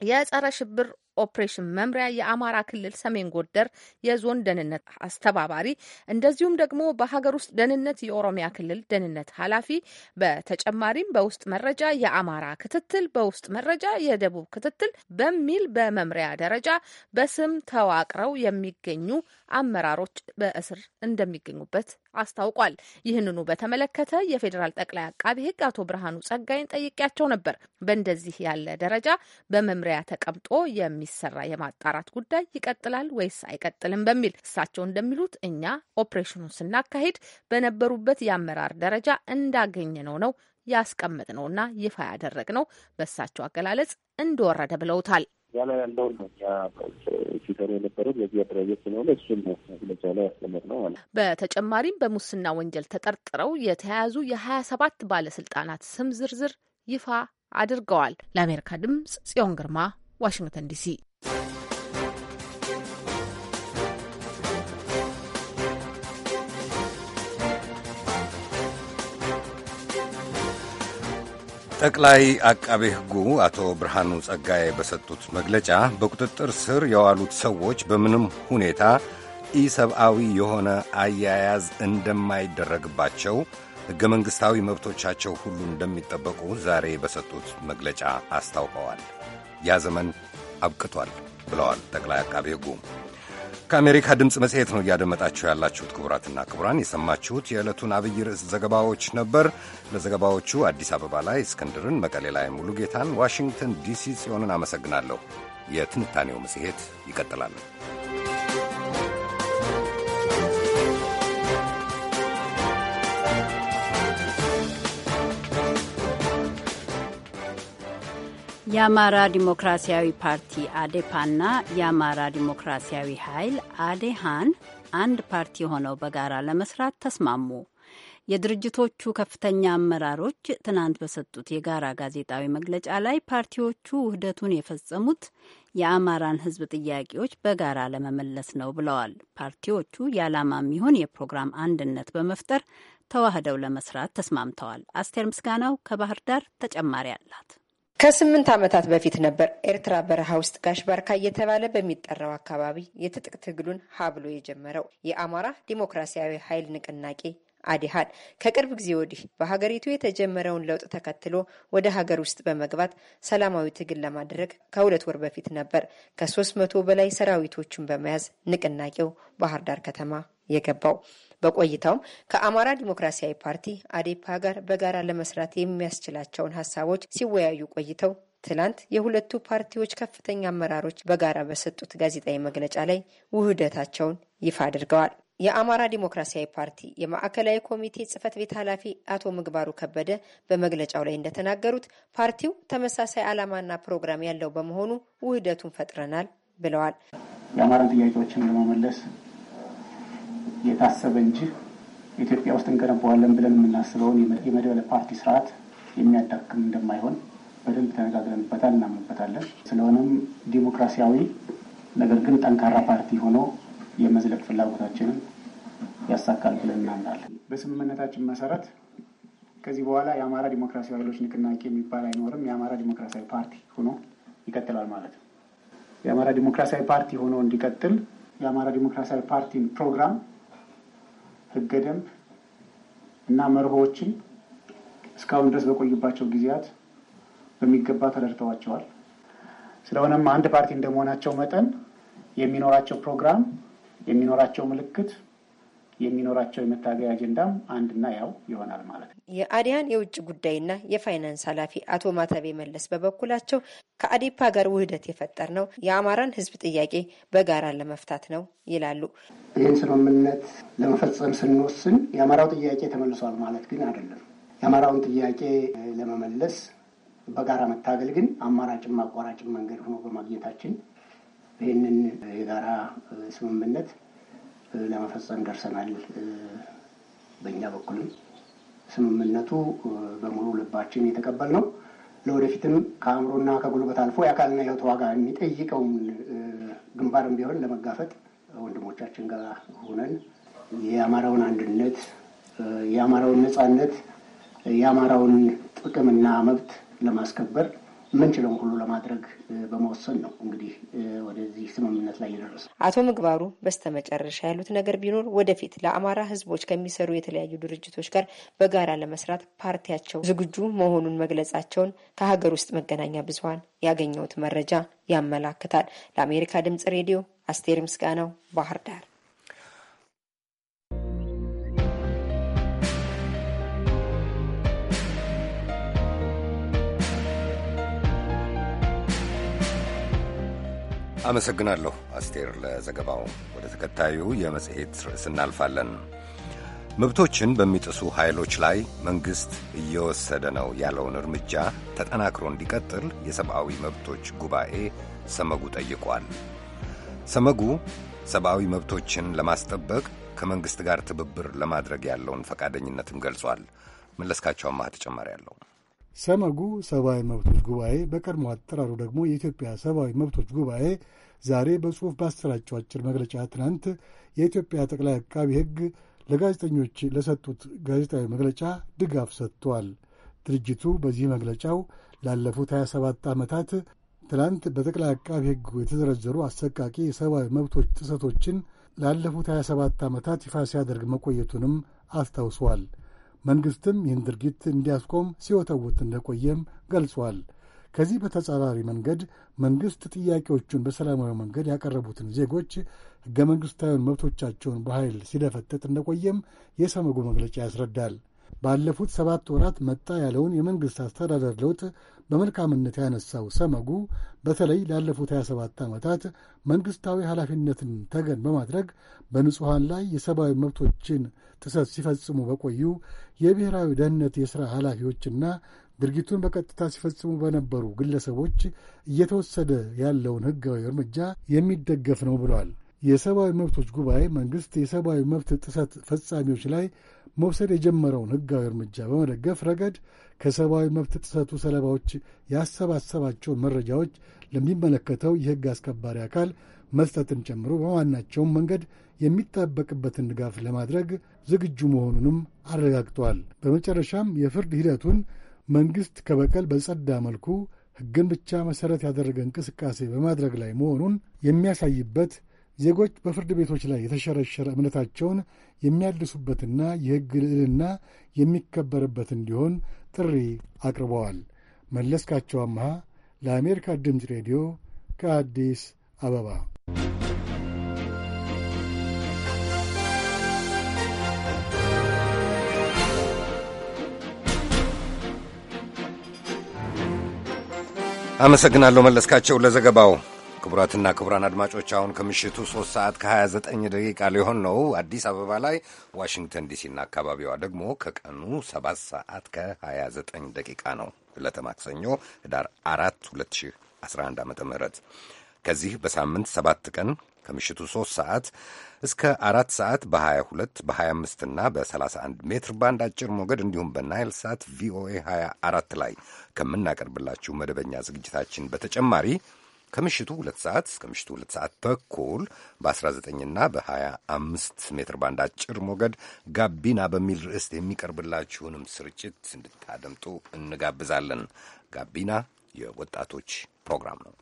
የጸረ ሽብር ኦፕሬሽን መምሪያ የአማራ ክልል ሰሜን ጎደር የዞን ደህንነት አስተባባሪ እንደዚሁም ደግሞ በሀገር ውስጥ ደህንነት የኦሮሚያ ክልል ደህንነት ኃላፊ በተጨማሪም በውስጥ መረጃ የአማራ ክትትል፣ በውስጥ መረጃ የደቡብ ክትትል በሚል በመምሪያ ደረጃ በስም ተዋቅረው የሚገኙ አመራሮች በእስር እንደሚገኙበት አስታውቋል። ይህንኑ በተመለከተ የፌዴራል ጠቅላይ አቃቢ ሕግ አቶ ብርሃኑ ጸጋይን ጠይቄያቸው ነበር። በእንደዚህ ያለ ደረጃ በመምሪያ ተቀምጦ የሚሰራ የማጣራት ጉዳይ ይቀጥላል ወይስ አይቀጥልም በሚል እሳቸው እንደሚሉት እኛ ኦፕሬሽኑን ስናካሄድ በነበሩበት የአመራር ደረጃ እንዳገኘ ነው ነው ያስቀመጥ ነውና ይፋ ያደረግ ነው። በእሳቸው አገላለጽ እንደወረደ ብለውታል። እዛ ላይ ያለውን ነው እኛ ሲሰሩ የነበረው የዚህ አደራጀት ስለሆነ እሱን ነው መግለጫ ላይ ያስቀመጥ ነው ማለት። በተጨማሪም በሙስና ወንጀል ተጠርጥረው የተያያዙ የሀያ ሰባት ባለስልጣናት ስም ዝርዝር ይፋ አድርገዋል። ለአሜሪካ ድምጽ ጽዮን ግርማ ዋሽንግተን ዲሲ ጠቅላይ አቃቤ ሕጉ አቶ ብርሃኑ ጸጋዬ በሰጡት መግለጫ በቁጥጥር ስር የዋሉት ሰዎች በምንም ሁኔታ ኢሰብአዊ የሆነ አያያዝ እንደማይደረግባቸው ሕገ መንግሥታዊ መብቶቻቸው ሁሉ እንደሚጠበቁ ዛሬ በሰጡት መግለጫ አስታውቀዋል። ያ ዘመን አብቅቷል ብለዋል ጠቅላይ አቃቤ ሕጉ። ከአሜሪካ ድምፅ መጽሔት ነው እያደመጣችሁ ያላችሁት። ክቡራትና ክቡራን የሰማችሁት የዕለቱን አብይ ርዕስ ዘገባዎች ነበር። ለዘገባዎቹ አዲስ አበባ ላይ እስክንድርን፣ መቀሌ ላይ ሙሉጌታን፣ ዋሽንግተን ዲሲ ጽዮንን አመሰግናለሁ። የትንታኔው መጽሔት ይቀጥላል። የአማራ ዲሞክራሲያዊ ፓርቲ አዴፓና የአማራ ዲሞክራሲያዊ ኃይል አዴሃን አንድ ፓርቲ ሆነው በጋራ ለመስራት ተስማሙ። የድርጅቶቹ ከፍተኛ አመራሮች ትናንት በሰጡት የጋራ ጋዜጣዊ መግለጫ ላይ ፓርቲዎቹ ውህደቱን የፈጸሙት የአማራን ሕዝብ ጥያቄዎች በጋራ ለመመለስ ነው ብለዋል። ፓርቲዎቹ የዓላማ የሚሆን የፕሮግራም አንድነት በመፍጠር ተዋህደው ለመስራት ተስማምተዋል። አስቴር ምስጋናው ከባህር ዳር ተጨማሪ አላት። ከስምንት ዓመታት በፊት ነበር ኤርትራ በረሃ ውስጥ ጋሽ ባርካ እየተባለ በሚጠራው አካባቢ የትጥቅ ትግሉን ሀብሎ የጀመረው የአማራ ዲሞክራሲያዊ ኃይል ንቅናቄ አዲሃድ ከቅርብ ጊዜ ወዲህ በሀገሪቱ የተጀመረውን ለውጥ ተከትሎ ወደ ሀገር ውስጥ በመግባት ሰላማዊ ትግል ለማድረግ ከሁለት ወር በፊት ነበር ከሶስት መቶ በላይ ሰራዊቶቹን በመያዝ ንቅናቄው ባህር ዳር ከተማ የገባው። በቆይታውም ከአማራ ዲሞክራሲያዊ ፓርቲ አዴፓ ጋር በጋራ ለመስራት የሚያስችላቸውን ሀሳቦች ሲወያዩ ቆይተው ትላንት የሁለቱ ፓርቲዎች ከፍተኛ አመራሮች በጋራ በሰጡት ጋዜጣዊ መግለጫ ላይ ውህደታቸውን ይፋ አድርገዋል። የአማራ ዲሞክራሲያዊ ፓርቲ የማዕከላዊ ኮሚቴ ጽህፈት ቤት ኃላፊ አቶ ምግባሩ ከበደ በመግለጫው ላይ እንደተናገሩት ፓርቲው ተመሳሳይ ዓላማና ፕሮግራም ያለው በመሆኑ ውህደቱን ፈጥረናል ብለዋል። የአማራን ጥያቄዎችን ለመመለስ የታሰበ እንጂ ኢትዮጵያ ውስጥ እንገነባዋለን ብለን የምናስበውን የመድበለ ፓርቲ ስርዓት የሚያዳክም እንደማይሆን በደንብ ተነጋግረንበታል፣ እናምንበታለን። ስለሆነም ዲሞክራሲያዊ ነገር ግን ጠንካራ ፓርቲ ሆኖ የመዝለቅ ፍላጎታችንን ያሳካል ብለን እናምናለን። በስምምነታችን መሰረት ከዚህ በኋላ የአማራ ዲሞክራሲያዊ ኃይሎች ንቅናቄ የሚባል አይኖርም። የአማራ ዲሞክራሲያዊ ፓርቲ ሆኖ ይቀጥላል ማለት ነው። የአማራ ዲሞክራሲያዊ ፓርቲ ሆኖ እንዲቀጥል የአማራ ዲሞክራሲያዊ ፓርቲን ፕሮግራም ህገ ደንብ እና መርሆዎችን እስካሁን ድረስ በቆዩባቸው ጊዜያት በሚገባ ተረድተዋቸዋል። ስለሆነም አንድ ፓርቲ እንደመሆናቸው መጠን የሚኖራቸው ፕሮግራም፣ የሚኖራቸው ምልክት የሚኖራቸው የመታገያ አጀንዳም አንድና ያው ይሆናል ማለት ነው። የአዲያን የውጭ ጉዳይና የፋይናንስ ኃላፊ አቶ ማተቤ መለስ በበኩላቸው ከአዴፓ ጋር ውህደት የፈጠር ነው የአማራን ሕዝብ ጥያቄ በጋራ ለመፍታት ነው ይላሉ። ይህን ስምምነት ለመፈጸም ስንወስን የአማራው ጥያቄ ተመልሷል ማለት ግን አይደለም። የአማራውን ጥያቄ ለመመለስ በጋራ መታገል ግን አማራጭም አቋራጭም መንገድ ሆኖ በማግኘታችን ይህንን የጋራ ስምምነት ለመፈጸም ደርሰናል። በእኛ በኩልም ስምምነቱ በሙሉ ልባችን የተቀበል ነው። ለወደፊትም ከአእምሮና ከጉልበት አልፎ የአካልና ሕይወት ዋጋ የሚጠይቀውን ግንባርም ቢሆን ለመጋፈጥ ወንድሞቻችን ጋር ሆነን የአማራውን አንድነት፣ የአማራውን ነጻነት፣ የአማራውን ጥቅምና መብት ለማስከበር የምንችለውን ሁሉ ለማድረግ በመወሰን ነው እንግዲህ ወደዚህ ስምምነት ላይ የደረሰው። አቶ ምግባሩ በስተመጨረሻ ያሉት ነገር ቢኖር ወደፊት ለአማራ ሕዝቦች ከሚሰሩ የተለያዩ ድርጅቶች ጋር በጋራ ለመስራት ፓርቲያቸው ዝግጁ መሆኑን መግለጻቸውን ከሀገር ውስጥ መገናኛ ብዙኃን ያገኘሁት መረጃ ያመላክታል። ለአሜሪካ ድምጽ ሬዲዮ አስቴር ምስጋናው ባህር ዳር። አመሰግናለሁ አስቴር ለዘገባው። ወደ ተከታዩ የመጽሔት ርዕስ እናልፋለን። መብቶችን በሚጥሱ ኃይሎች ላይ መንግሥት እየወሰደ ነው ያለውን እርምጃ ተጠናክሮ እንዲቀጥል የሰብአዊ መብቶች ጉባኤ ሰመጉ ጠይቋል። ሰመጉ ሰብአዊ መብቶችን ለማስጠበቅ ከመንግሥት ጋር ትብብር ለማድረግ ያለውን ፈቃደኝነትም ገልጿል። መለስካቸው አማህ ተጨማሪ አለው። ሰመጉ ሰብአዊ መብቶች ጉባኤ በቀድሞ አጠራሩ ደግሞ የኢትዮጵያ ሰብአዊ መብቶች ጉባኤ ዛሬ በጽሑፍ ባሰራጨው አጭር መግለጫ ትናንት የኢትዮጵያ ጠቅላይ አቃቢ ሕግ ለጋዜጠኞች ለሰጡት ጋዜጣዊ መግለጫ ድጋፍ ሰጥቷል። ድርጅቱ በዚህ መግለጫው ላለፉት 27 ዓመታት ትናንት በጠቅላይ አቃቢ ሕግ የተዘረዘሩ አሰቃቂ የሰብአዊ መብቶች ጥሰቶችን ላለፉት 27 ዓመታት ይፋ ሲያደርግ መቆየቱንም አስታውሷል። መንግሥትም ይህን ድርጊት እንዲያስቆም ሲወተውት እንደቆየም ገልጿል። ከዚህ በተጻራሪ መንገድ መንግሥት ጥያቄዎቹን በሰላማዊ መንገድ ያቀረቡትን ዜጎች ሕገ መንግሥታዊን መብቶቻቸውን በኃይል ሲደፈጥጥ እንደቆየም የሰመጉ መግለጫ ያስረዳል። ባለፉት ሰባት ወራት መጣ ያለውን የመንግሥት አስተዳደር ለውጥ በመልካምነት ያነሳው ሰመጉ በተለይ ላለፉት 27 ዓመታት መንግሥታዊ ኃላፊነትን ተገን በማድረግ በንጹሐን ላይ የሰብአዊ መብቶችን ጥሰት ሲፈጽሙ በቆዩ የብሔራዊ ደህንነት የሥራ ኃላፊዎችና ድርጊቱን በቀጥታ ሲፈጽሙ በነበሩ ግለሰቦች እየተወሰደ ያለውን ሕጋዊ እርምጃ የሚደገፍ ነው ብሏል። የሰብአዊ መብቶች ጉባኤ መንግሥት የሰብአዊ መብት ጥሰት ፈጻሚዎች ላይ መውሰድ የጀመረውን ሕጋዊ እርምጃ በመደገፍ ረገድ ከሰብአዊ መብት ጥሰቱ ሰለባዎች ያሰባሰባቸውን መረጃዎች ለሚመለከተው የሕግ አስከባሪ አካል መስጠትን ጨምሮ በማናቸውም መንገድ የሚጠበቅበትን ድጋፍ ለማድረግ ዝግጁ መሆኑንም አረጋግጧል። በመጨረሻም የፍርድ ሂደቱን መንግሥት ከበቀል በጸዳ መልኩ ሕግን ብቻ መሠረት ያደረገ እንቅስቃሴ በማድረግ ላይ መሆኑን የሚያሳይበት ዜጎች በፍርድ ቤቶች ላይ የተሸረሸረ እምነታቸውን የሚያድሱበትና የሕግ ልዕልና የሚከበርበት እንዲሆን ጥሪ አቅርበዋል። መለስካቸው አምሃ ለአሜሪካ ድምፅ ሬዲዮ ከአዲስ አበባ አመሰግናለሁ መለስካቸው ለዘገባው። ክቡራትና ክቡራን አድማጮች አሁን ከምሽቱ 3 ሰዓት ከ29 ደቂቃ ሊሆን ነው አዲስ አበባ ላይ። ዋሽንግተን ዲሲና አካባቢዋ ደግሞ ከቀኑ 7 ሰዓት ከ29 ደቂቃ ነው። ዕለተ ማክሰኞ ህዳር 4 2011 ዓ ም ከዚህ በሳምንት 7 ቀን ከምሽቱ 3 ሰዓት እስከ 4 ሰዓት በ22 በ25 እና በ31 ሜትር ባንድ አጭር ሞገድ እንዲሁም በናይል ሳት ቪኦኤ 24 ላይ ከምናቀርብላችሁ መደበኛ ዝግጅታችን በተጨማሪ ከምሽቱ ሁለት ሰዓት እስከ ምሽቱ ሁለት ሰዓት ተኩል በ19ና በ25 ሜትር ባንድ አጭር ሞገድ ጋቢና በሚል ርዕስ የሚቀርብላችሁንም ስርጭት እንድታደምጡ እንጋብዛለን። ጋቢና የወጣቶች ፕሮግራም ነው።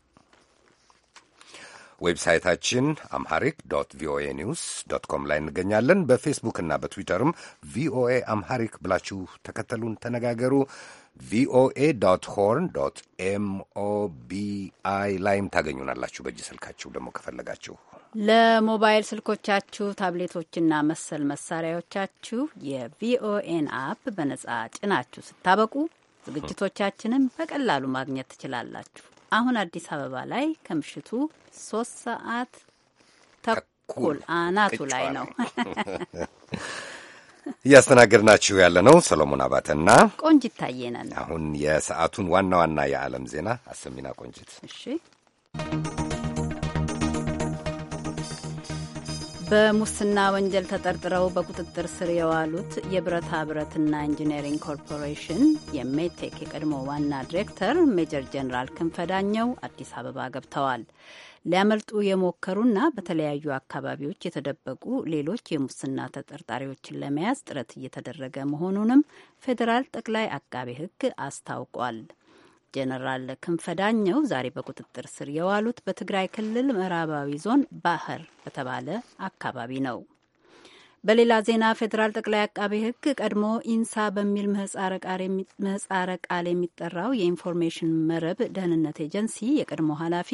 ዌብሳይታችን አምሃሪክ ዶት ቪኦኤ ኒውስ ዶት ኮም ላይ እንገኛለን። በፌስቡክ እና በትዊተርም ቪኦኤ አምሃሪክ ብላችሁ ተከተሉን፣ ተነጋገሩ። ቪኦኤ ዶት ሆርን ዶት ኤምኦቢአይ ላይም ታገኙናላችሁ። በእጅ ስልካችሁ ደግሞ ከፈለጋችሁ ለሞባይል ስልኮቻችሁ ታብሌቶችና መሰል መሳሪያዎቻችሁ የቪኦኤን አፕ በነጻ ጭናችሁ ስታበቁ ዝግጅቶቻችንን በቀላሉ ማግኘት ትችላላችሁ። አሁን አዲስ አበባ ላይ ከምሽቱ ሶስት ሰዓት ተኩል አናቱ ላይ ነው። እያስተናገድናችሁ ያለ ነው ሰሎሞን አባተና ቆንጅት ታየናል። አሁን የሰዓቱን ዋና ዋና የዓለም ዜና አሰሚና ቆንጅት። እሺ በሙስና ወንጀል ተጠርጥረው በቁጥጥር ስር የዋሉት የብረታ ብረትና ኢንጂነሪንግ ኮርፖሬሽን የሜቴክ የቀድሞ ዋና ዲሬክተር ሜጀር ጀኔራል ክንፈዳኘው አዲስ አበባ ገብተዋል። ሊያመልጡ የሞከሩና በተለያዩ አካባቢዎች የተደበቁ ሌሎች የሙስና ተጠርጣሪዎችን ለመያዝ ጥረት እየተደረገ መሆኑንም ፌዴራል ጠቅላይ አቃቤ ሕግ አስታውቋል። ጀነራል ክንፈዳኘው ዛሬ በቁጥጥር ስር የዋሉት በትግራይ ክልል ምዕራባዊ ዞን ባህር በተባለ አካባቢ ነው። በሌላ ዜና ፌዴራል ጠቅላይ አቃቤ ሕግ ቀድሞ ኢንሳ በሚል ምህጻረ ቃል የሚጠራው የኢንፎርሜሽን መረብ ደህንነት ኤጀንሲ የቀድሞ ኃላፊ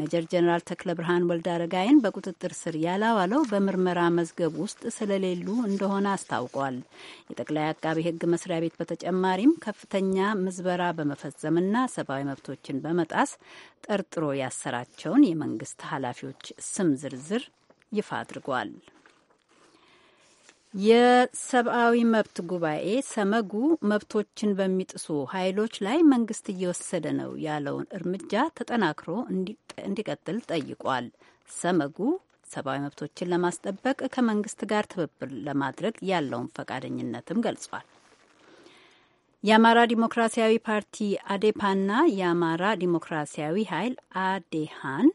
ሜጀር ጀኔራል ተክለ ብርሃን ወልደ አረጋይን በቁጥጥር ስር ያላዋለው በምርመራ መዝገብ ውስጥ ስለሌሉ እንደሆነ አስታውቋል። የጠቅላይ አቃቤ ሕግ መስሪያ ቤት በተጨማሪም ከፍተኛ ምዝበራ በመፈጸምና ሰብአዊ መብቶችን በመጣስ ጠርጥሮ ያሰራቸውን የመንግስት ኃላፊዎች ስም ዝርዝር ይፋ አድርጓል። የሰብአዊ መብት ጉባኤ ሰመጉ መብቶችን በሚጥሱ ኃይሎች ላይ መንግስት እየወሰደ ነው ያለውን እርምጃ ተጠናክሮ እንዲቀጥል ጠይቋል። ሰመጉ ሰብአዊ መብቶችን ለማስጠበቅ ከመንግስት ጋር ትብብር ለማድረግ ያለውን ፈቃደኝነትም ገልጿል። የአማራ ዲሞክራሲያዊ ፓርቲ አዴፓና የአማራ ዲሞክራሲያዊ ኃይል አዴሃን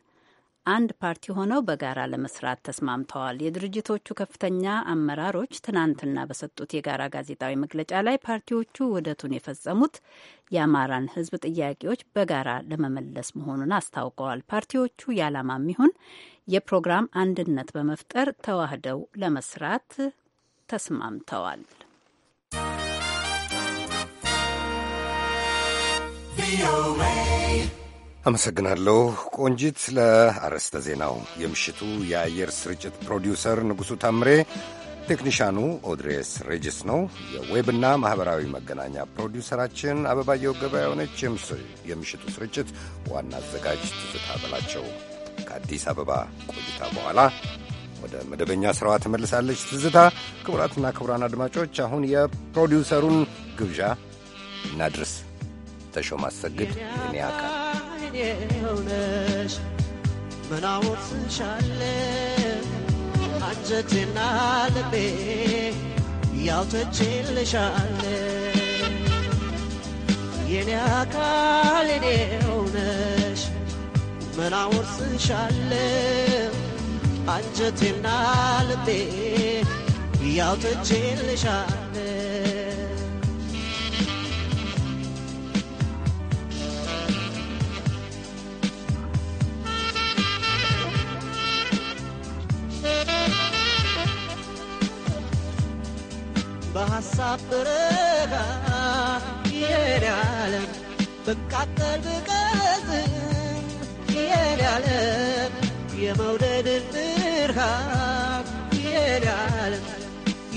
አንድ ፓርቲ ሆነው በጋራ ለመስራት ተስማምተዋል። የድርጅቶቹ ከፍተኛ አመራሮች ትናንትና በሰጡት የጋራ ጋዜጣዊ መግለጫ ላይ ፓርቲዎቹ ውህደቱን የፈጸሙት የአማራን ሕዝብ ጥያቄዎች በጋራ ለመመለስ መሆኑን አስታውቀዋል። ፓርቲዎቹ የዓላማም ይሁን የፕሮግራም አንድነት በመፍጠር ተዋህደው ለመስራት ተስማምተዋል። አመሰግናለሁ ቆንጂት ለአርዕስተ ዜናው። የምሽቱ የአየር ስርጭት ፕሮዲውሰር ንጉሡ ታምሬ፣ ቴክኒሻኑ ኦድሬስ ሬጅስ ነው። የዌብና ማኅበራዊ መገናኛ ፕሮዲውሰራችን አበባየው ገበያው ነች። የምሽቱ ስርጭት ዋና አዘጋጅ ትዝታ በላቸው። ከአዲስ አበባ ቆይታ በኋላ ወደ መደበኛ ሥራዋ ትመልሳለች። ትዝታ፣ ክቡራትና ክቡራን አድማጮች አሁን የፕሮዲውሰሩን ግብዣ እናድርስ። ተሾም አሰግድ እኔ አቃል የውነሽ መናወት ስንሻለ አንጀቴና ልቤ ያውተችልሻለ የኔ አካል የኔ የውነሽ መናወት ስንሻለ አንጀቴና ልቤ ያውተችልሻለ በሐሳብ ብረጋ የኔ ዓለም ብቃጠል ብቀዝም የኔ ዓለም የመውደድን ብርሃን የኔ ዓለም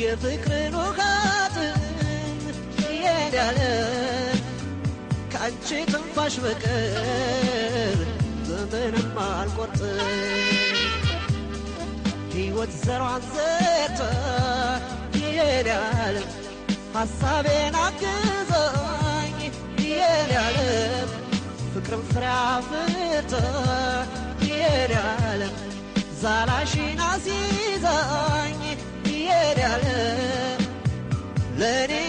የፍቅርን ውሃትን የኔ ዓለም ከአንቺ ትንፋሽ በቀር በምንም አልቆርጥም ሕይወት ዘሯን ዘርታ ይሄዳለም ሐሳቤን አግዘኝ ይሄዳለም ፍቅርም ፍሬ አፍርቶ ይሄዳለም ዛላሽን አስይዘኝ ይሄዳለም ለእኔ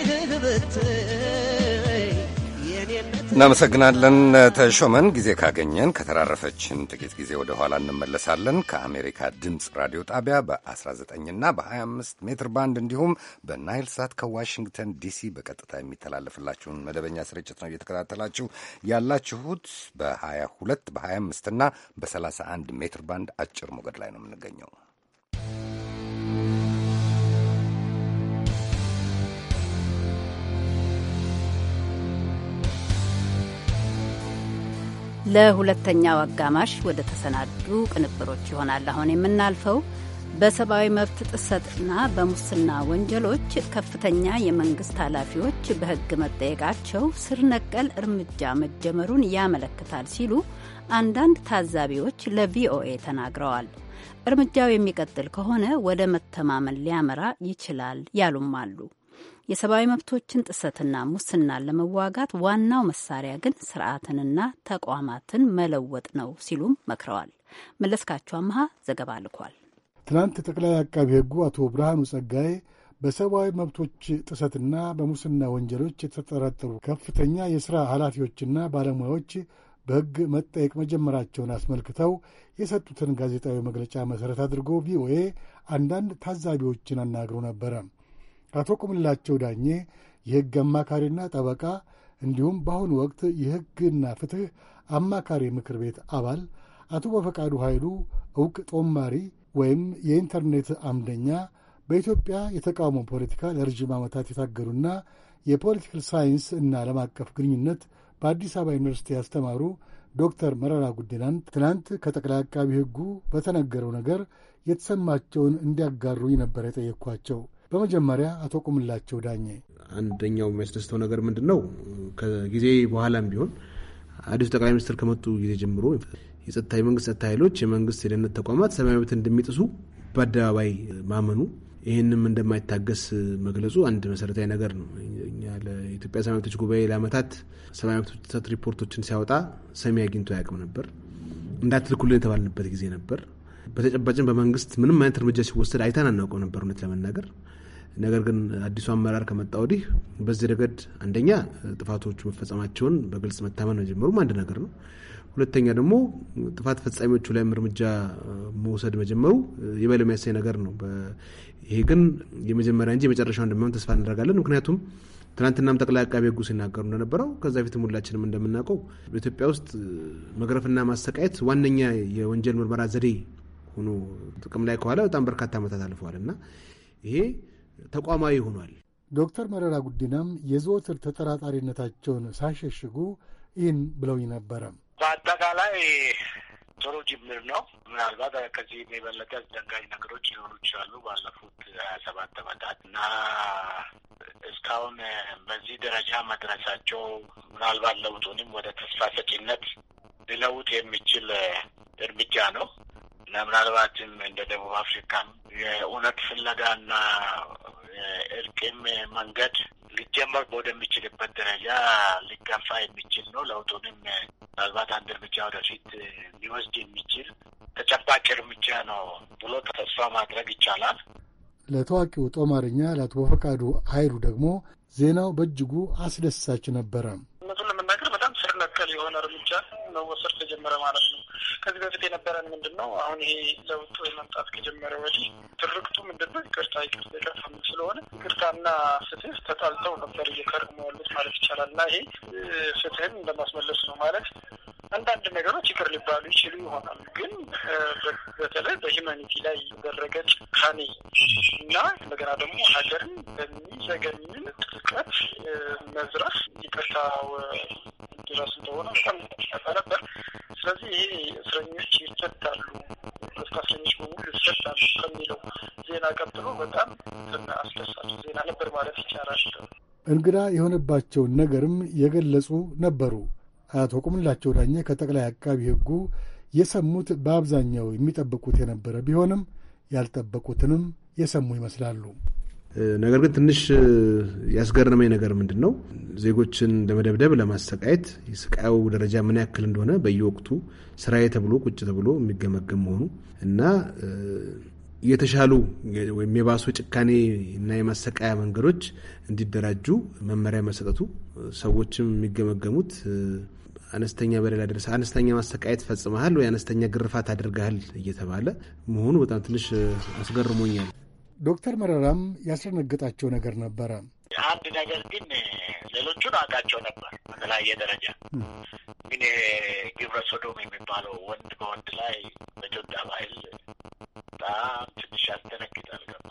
እናመሰግናለን ተሾመን። ጊዜ ካገኘን ከተራረፈችን ጥቂት ጊዜ ወደ ኋላ እንመለሳለን። ከአሜሪካ ድምፅ ራዲዮ ጣቢያ በ19ና በ25 ሜትር ባንድ እንዲሁም በናይል ሳት ከዋሽንግተን ዲሲ በቀጥታ የሚተላለፍላችሁን መደበኛ ስርጭት ነው እየተከታተላችሁ ያላችሁት። በ22 25 እና በ31 ሜትር ባንድ አጭር ሞገድ ላይ ነው የምንገኘው። ለሁለተኛው አጋማሽ ወደ ተሰናዱ ቅንብሮች ይሆናል አሁን የምናልፈው። በሰብአዊ መብት ጥሰትና በሙስና ወንጀሎች ከፍተኛ የመንግስት ኃላፊዎች በሕግ መጠየቃቸው ስር ነቀል እርምጃ መጀመሩን ያመለክታል ሲሉ አንዳንድ ታዛቢዎች ለቪኦኤ ተናግረዋል። እርምጃው የሚቀጥል ከሆነ ወደ መተማመን ሊያመራ ይችላል ያሉም አሉ። የሰብአዊ መብቶችን ጥሰትና ሙስናን ለመዋጋት ዋናው መሳሪያ ግን ስርዓትንና ተቋማትን መለወጥ ነው ሲሉም መክረዋል። መለስካቸው አምሃ ዘገባ ልኳል። ትናንት ጠቅላይ አቃቢ ሕጉ አቶ ብርሃኑ ጸጋዬ በሰብአዊ መብቶች ጥሰትና በሙስና ወንጀሎች የተጠረጠሩ ከፍተኛ የሥራ ኃላፊዎችና ባለሙያዎች በሕግ መጠየቅ መጀመራቸውን አስመልክተው የሰጡትን ጋዜጣዊ መግለጫ መሠረት አድርጎ ቪኦኤ አንዳንድ ታዛቢዎችን አናግሮ ነበረ። አቶ ቁምላቸው ዳኜ የሕግ አማካሪና ጠበቃ እንዲሁም በአሁኑ ወቅት የሕግና ፍትሕ አማካሪ ምክር ቤት አባል፣ አቶ በፈቃዱ ኃይሉ ዕውቅ ጦማሪ ወይም የኢንተርኔት አምደኛ፣ በኢትዮጵያ የተቃውሞ ፖለቲካ ለረዥም ዓመታት የታገሉና የፖለቲካል ሳይንስ እና ዓለም አቀፍ ግንኙነት በአዲስ አበባ ዩኒቨርሲቲ ያስተማሩ ዶክተር መረራ ጉዲናን ትናንት ከጠቅላይ አቃቢ ሕጉ በተነገረው ነገር የተሰማቸውን እንዲያጋሩኝ ነበር የጠየቅኳቸው። በመጀመሪያ አቶ ቁምላቸው ዳኘ አንደኛው የሚያስደስተው ነገር ምንድን ነው? ከጊዜ በኋላም ቢሆን አዲሱ ጠቅላይ ሚኒስትር ከመጡ ጊዜ ጀምሮ የጸጥታ የመንግስት ጸጥታ ኃይሎች የመንግስት የደህንነት ተቋማት ሰብአዊ መብት እንደሚጥሱ በአደባባይ ማመኑ ይህንም እንደማይታገስ መግለጹ አንድ መሰረታዊ ነገር ነው። እኛ ለኢትዮጵያ ሰብአዊ መብቶች ጉባኤ ለዓመታት ሰብአዊ መብቶች ጥሰት ሪፖርቶችን ሲያወጣ ሰሚ አግኝቶ አያውቅም ነበር። እንዳትልኩልን የተባልንበት ጊዜ ነበር። በተጨባጭም በመንግስት ምንም አይነት እርምጃ ሲወሰድ አይተን አናውቀው ነበር እውነት ለመናገር ነገር ግን አዲሱ አመራር ከመጣ ወዲህ በዚህ ረገድ አንደኛ ጥፋቶቹ መፈጸማቸውን በግልጽ መታመን መጀመሩም አንድ ነገር ነው። ሁለተኛ ደግሞ ጥፋት ፈጻሚዎቹ ላይም እርምጃ መውሰድ መጀመሩ የበለ የሚያሳይ ነገር ነው። ይሄ ግን የመጀመሪያ እንጂ የመጨረሻው እንደሚሆን ተስፋ እናደርጋለን። ምክንያቱም ትናንትናም ጠቅላይ አቃቤ ሕጉ ሲናገሩ እንደነበረው ከዛ ፊት ሁላችንም እንደምናውቀው በኢትዮጵያ ውስጥ መግረፍና ማሰቃየት ዋነኛ የወንጀል ምርመራ ዘዴ ሆኖ ጥቅም ላይ ከኋላ በጣም በርካታ ዓመታት አልፈዋል እና ይሄ ተቋማዊ ሆኗል። ዶክተር መረራ ጉዲናም የዘወትር ተጠራጣሪነታቸውን ሳይሸሽጉ ይህን ብለውኝ ነበረ። በአጠቃላይ ጥሩ ጅምር ነው። ምናልባት ከዚህ የበለጠ አስደንጋጭ ነገሮች ሊሆኑ ይችላሉ ባለፉት ሀያ ሰባት ዓመታት እና እስካሁን በዚህ ደረጃ መድረሳቸው ምናልባት ለውጡንም ወደ ተስፋ ሰጪነት ሊለውጥ የሚችል እርምጃ ነው። ለምናልባትም እንደ ደቡብ አፍሪካም የእውነት ፍለጋና የእርቅም መንገድ ሊጀመር ወደሚችልበት ደረጃ ሊገፋ የሚችል ነው። ለውጡንም ምናልባት አንድ እርምጃ ወደፊት ሊወስድ የሚችል ተጨባጭ እርምጃ ነው ብሎ ተስፋ ማድረግ ይቻላል። ለታዋቂው ጦማርኛ ለአቶ ፈቃዱ ኃይሉ ደግሞ ዜናው በእጅጉ አስደሳች ነበረ። መወሰድ ተጀመረ ማለት ነው። ከዚህ በፊት የነበረን ምንድን ነው? አሁን ይሄ ለውጥ መምጣት ከጀመረ ወዲህ ትርክቱ ምንድን ነው? ይቅርታ ይቅርታ የከፋም ስለሆነ ይቅርታና ፍትህ ተጣልተው ነበር እየከርሙ ያሉት ማለት ይቻላል እና ይሄ ፍትህን እንደማስመለስ ነው ማለት አንዳንድ ነገሮች ይቅር ሊባሉ ይችሉ ይሆናል። ግን በተለይ በሂማኒቲ ላይ የደረገ ጭካኔ እና እንደገና ደግሞ ሀገርን በሚዘገንን ጥልቀት መዝረፍ ይቅርታ ድረስ እንደሆነ በጣም ነበር። ስለዚህ ይሄ እስረኞች ይፈታሉ፣ እስረኞች በሙሉ ይፈታሉ ከሚለው ዜና ቀጥሎ በጣም አስደሳች ዜና ነበር ማለት ይቻላል። እንግዳ የሆነባቸውን ነገርም የገለጹ ነበሩ። አቶ ቁምላቸው ዳኘ ከጠቅላይ አቃቢ ሕጉ የሰሙት በአብዛኛው የሚጠብቁት የነበረ ቢሆንም ያልጠበቁትንም የሰሙ ይመስላሉ። ነገር ግን ትንሽ ያስገረመኝ ነገር ምንድን ነው፣ ዜጎችን ለመደብደብ ለማሰቃየት የስቃዩ ደረጃ ምን ያክል እንደሆነ በየወቅቱ ስራዬ ተብሎ ቁጭ ተብሎ የሚገመገም መሆኑ እና የተሻሉ ወይም የባሱ ጭካኔ እና የማሰቃያ መንገዶች እንዲደራጁ መመሪያ መሰጠቱ ሰዎችም የሚገመገሙት አነስተኛ በደል አደረሰህ፣ አነስተኛ ማሰቃየት ፈጽመሃል ወይ አነስተኛ ግርፋት አድርገሃል እየተባለ መሆኑ በጣም ትንሽ አስገርሞኛል። ዶክተር መረራም ያስደነግጣቸው ነገር ነበረ። አንድ ነገር ግን ሌሎቹን አውቃቸው ነበር በተለያየ ደረጃ ግን ግብረ ሶዶም የሚባለው ወንድ በወንድ ላይ በኢትዮጵያ ባህል በጣም ትንሽ ያስደነግጣል። ገባ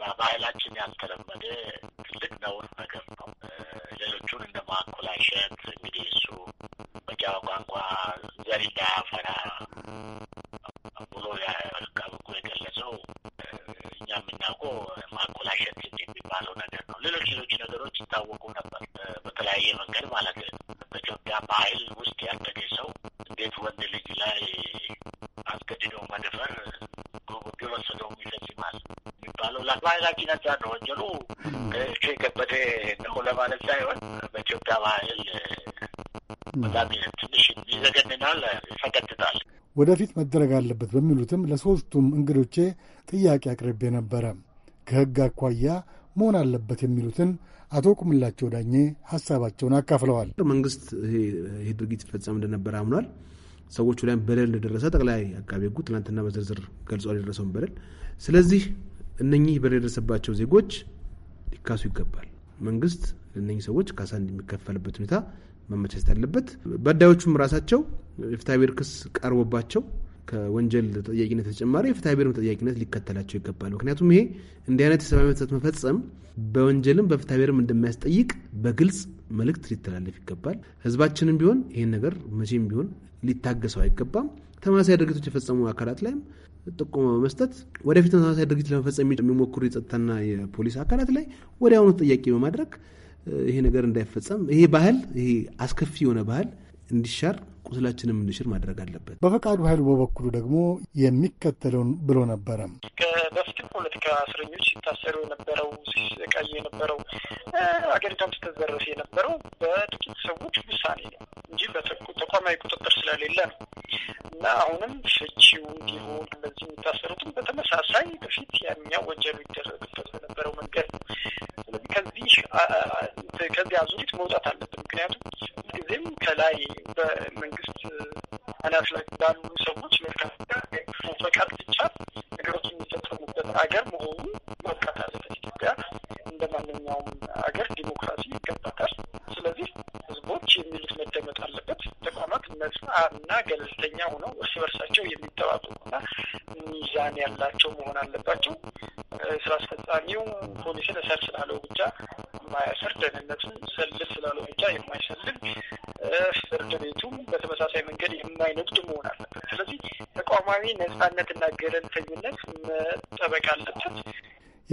በባህላችን ያልተለመደ ትልቅ ነውር ነገር 去年的嘛，过来选自米的书，我叫乖乖。ወደፊት መደረግ አለበት በሚሉትም ለሦስቱም እንግዶቼ ጥያቄ አቅርቤ ነበረ። ከሕግ አኳያ መሆን አለበት የሚሉትን አቶ ቁምላቸው ዳኜ ሀሳባቸውን አካፍለዋል። መንግስት ይህ ድርጊት ይፈጸም እንደነበረ አምኗል። ሰዎቹ ላይም በደል እንደደረሰ ጠቅላይ አቃቤ ሕጉ ትናንትና በዝርዝር ገልጿል የደረሰውን በደል። ስለዚህ እነኚህ በደል የደረሰባቸው ዜጎች ሊካሱ ይገባል። መንግስት እነኚህ ሰዎች ካሳ እንደሚከፈልበት ሁኔታ መመቻቸት አለበት። በዳዮቹም ራሳቸው የፍትሐ ክስ ቀርቦባቸው ከወንጀል ተጠያቂነት በተጨማሪ የፍትሐ ተጠያቂነት ሊከተላቸው ይገባል። ምክንያቱም ይሄ እንዲህ አይነት የሰብአዊ መብት መፈጸም በወንጀልም በፍትሐ እንደሚያስጠይቅ በግልጽ መልእክት ሊተላለፍ ይገባል። ህዝባችንም ቢሆን ይህን ነገር መቼም ቢሆን ሊታገሰው አይገባም። ተመሳሳይ ድርጊቶች የፈጸሙ አካላት ላይም ጥቆማ በመስጠት ወደፊት ተመሳሳይ ድርጊት ለመፈጸም የሚሞክሩ የጸጥታና የፖሊስ አካላት ላይ ወዲያውኑ ተጠያቂ በማድረግ ይሄ ነገር እንዳይፈጸም ይሄ ባህል ይሄ አስከፊ የሆነ ባህል እንዲሻር ቁስላችንም እንዲሽር ማድረግ አለበት። በፈቃዱ ኃይሉ በበኩሉ ደግሞ የሚከተለውን ብሎ ነበረ። በፊትም ፖለቲካ እስረኞች ሲታሰሩ የነበረው ሲሰቃይ የነበረው አገሪቷም ስተዘረፍ የነበረው በጥቂት ሰዎች ውሳኔ ነው እንጂ ተቋማዊ ቁጥጥር ስለሌለ ነው እና አሁንም ፍቺው እንዲሆን እነዚህ የሚታሰሩትም በተመሳሳይ በፊት ያኛው ወንጀሉ ይደረግበት በነበረው መንገድ ነው። ስለዚህ ከዚህ ከዚህ አዙሪት መውጣት አለብን።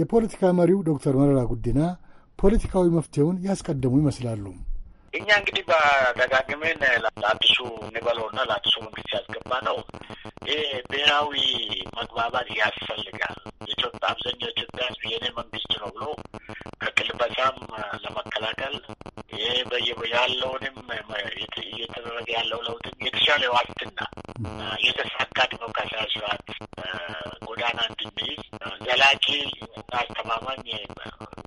የፖለቲካ መሪው ዶክተር መረራ ጉዲና ፖለቲካዊ መፍትሄውን ያስቀደሙ ይመስላሉ። እኛ እንግዲህ በደጋግመን ለአዲሱ ንበለውና ለአዲሱ መንግስት ያስገባ ነው ይህ ብሔራዊ መግባባት ያስፈልጋል የኢትዮጵያ አብዛኛው ኢትዮጵያ ህዝብ መንግስት ነው ብሎ ለመከላከል ይሄ ያለውንም እየተደረገ ያለው ለውጥም የተሻለ ዋስትና የተሳካ ዲሞክራሲያዊ ስርዓት ጎዳና እንድንይዝ ዘላቂ እና አስተማማኝ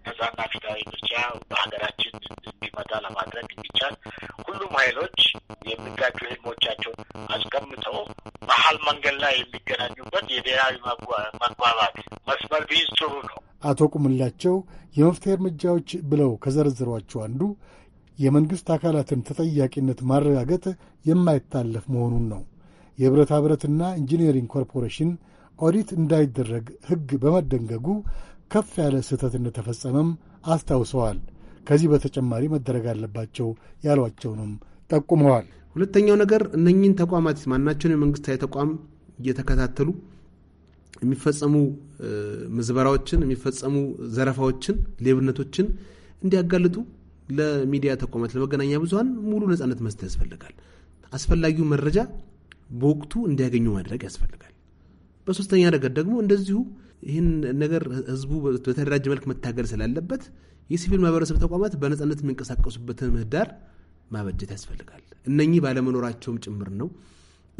ነጻና ምርጫ በሀገራችን እንዲመጣ ለማድረግ እንዲቻል ሁሉም ሀይሎች የሚጋጩ ህልሞቻቸው አስቀምጠው መሀል መንገድ ላይ የሚገናኙበት የብሔራዊ መግባባት መስመር ቢይዝ ጥሩ ነው። አቶ ቁምላቸው የመፍትሄ እርምጃዎች ብለው ከዘረዘሯቸው አንዱ የመንግሥት አካላትን ተጠያቂነት ማረጋገጥ የማይታለፍ መሆኑን ነው። የብረታ ብረትና ኢንጂነሪንግ ኮርፖሬሽን ኦዲት እንዳይደረግ ሕግ በመደንገጉ ከፍ ያለ ስህተት እንደተፈጸመም አስታውሰዋል። ከዚህ በተጨማሪ መደረግ አለባቸው ያሏቸውንም ጠቁመዋል። ሁለተኛው ነገር እነኚህን ተቋማት ማናቸውን የመንግሥታዊ ተቋም እየተከታተሉ የሚፈጸሙ ምዝበራዎችን፣ የሚፈጸሙ ዘረፋዎችን፣ ሌብነቶችን እንዲያጋልጡ ለሚዲያ ተቋማት፣ ለመገናኛ ብዙሀን ሙሉ ነጻነት መስጠት ያስፈልጋል። አስፈላጊው መረጃ በወቅቱ እንዲያገኙ ማድረግ ያስፈልጋል። በሶስተኛ ነገር ደግሞ እንደዚሁ ይህን ነገር ህዝቡ በተደራጀ መልክ መታገል ስላለበት የሲቪል ማህበረሰብ ተቋማት በነጻነት የሚንቀሳቀሱበትን ምህዳር ማበጀት ያስፈልጋል። እነኚህ ባለመኖራቸውም ጭምር ነው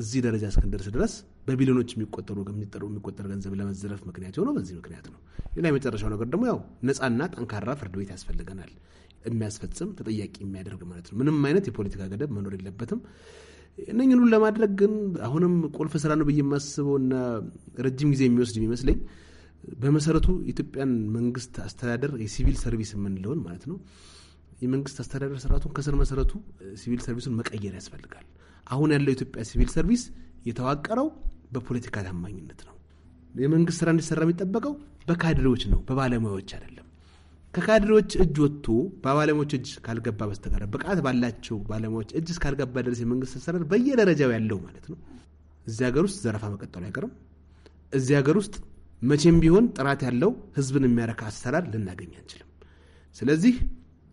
እዚህ ደረጃ እስክንደርስ ድረስ በቢሊዮኖች የሚቆጠሩ የሚቆጠር ገንዘብ ለመዘረፍ ምክንያት የሆነው በዚህ ምክንያት ነው። ሌላ የመጨረሻው ነገር ደግሞ ያው ነፃና ጠንካራ ፍርድ ቤት ያስፈልገናል። የሚያስፈጽም ተጠያቂ የሚያደርግ ማለት ነው። ምንም አይነት የፖለቲካ ገደብ መኖር የለበትም። እነኝን ለማድረግ ግን አሁንም ቁልፍ ስራ ነው ብዬ የማስበው እና ረጅም ጊዜ የሚወስድ የሚመስለኝ በመሰረቱ ኢትዮጵያን መንግስት አስተዳደር የሲቪል ሰርቪስ የምንለውን ማለት ነው የመንግስት አስተዳደር ስርዓቱን ከስር መሰረቱ ሲቪል ሰርቪሱን መቀየር ያስፈልጋል። አሁን ያለው የኢትዮጵያ ሲቪል ሰርቪስ የተዋቀረው በፖለቲካ ታማኝነት ነው። የመንግስት ስራ እንዲሰራ የሚጠበቀው በካድሬዎች ነው፣ በባለሙያዎች አይደለም። ከካድሬዎች እጅ ወጥቶ በባለሙያዎች እጅ ካልገባ በስተቀር ብቃት ባላቸው ባለሙያዎች እጅ እስካልገባ ድረስ የመንግስት አሰራር በየደረጃው ያለው ማለት ነው። እዚህ ሀገር ውስጥ ዘረፋ መቀጠሉ አይቀርም። እዚህ ሀገር ውስጥ መቼም ቢሆን ጥራት ያለው ህዝብን የሚያረካ አሰራር ልናገኝ አንችልም። ስለዚህ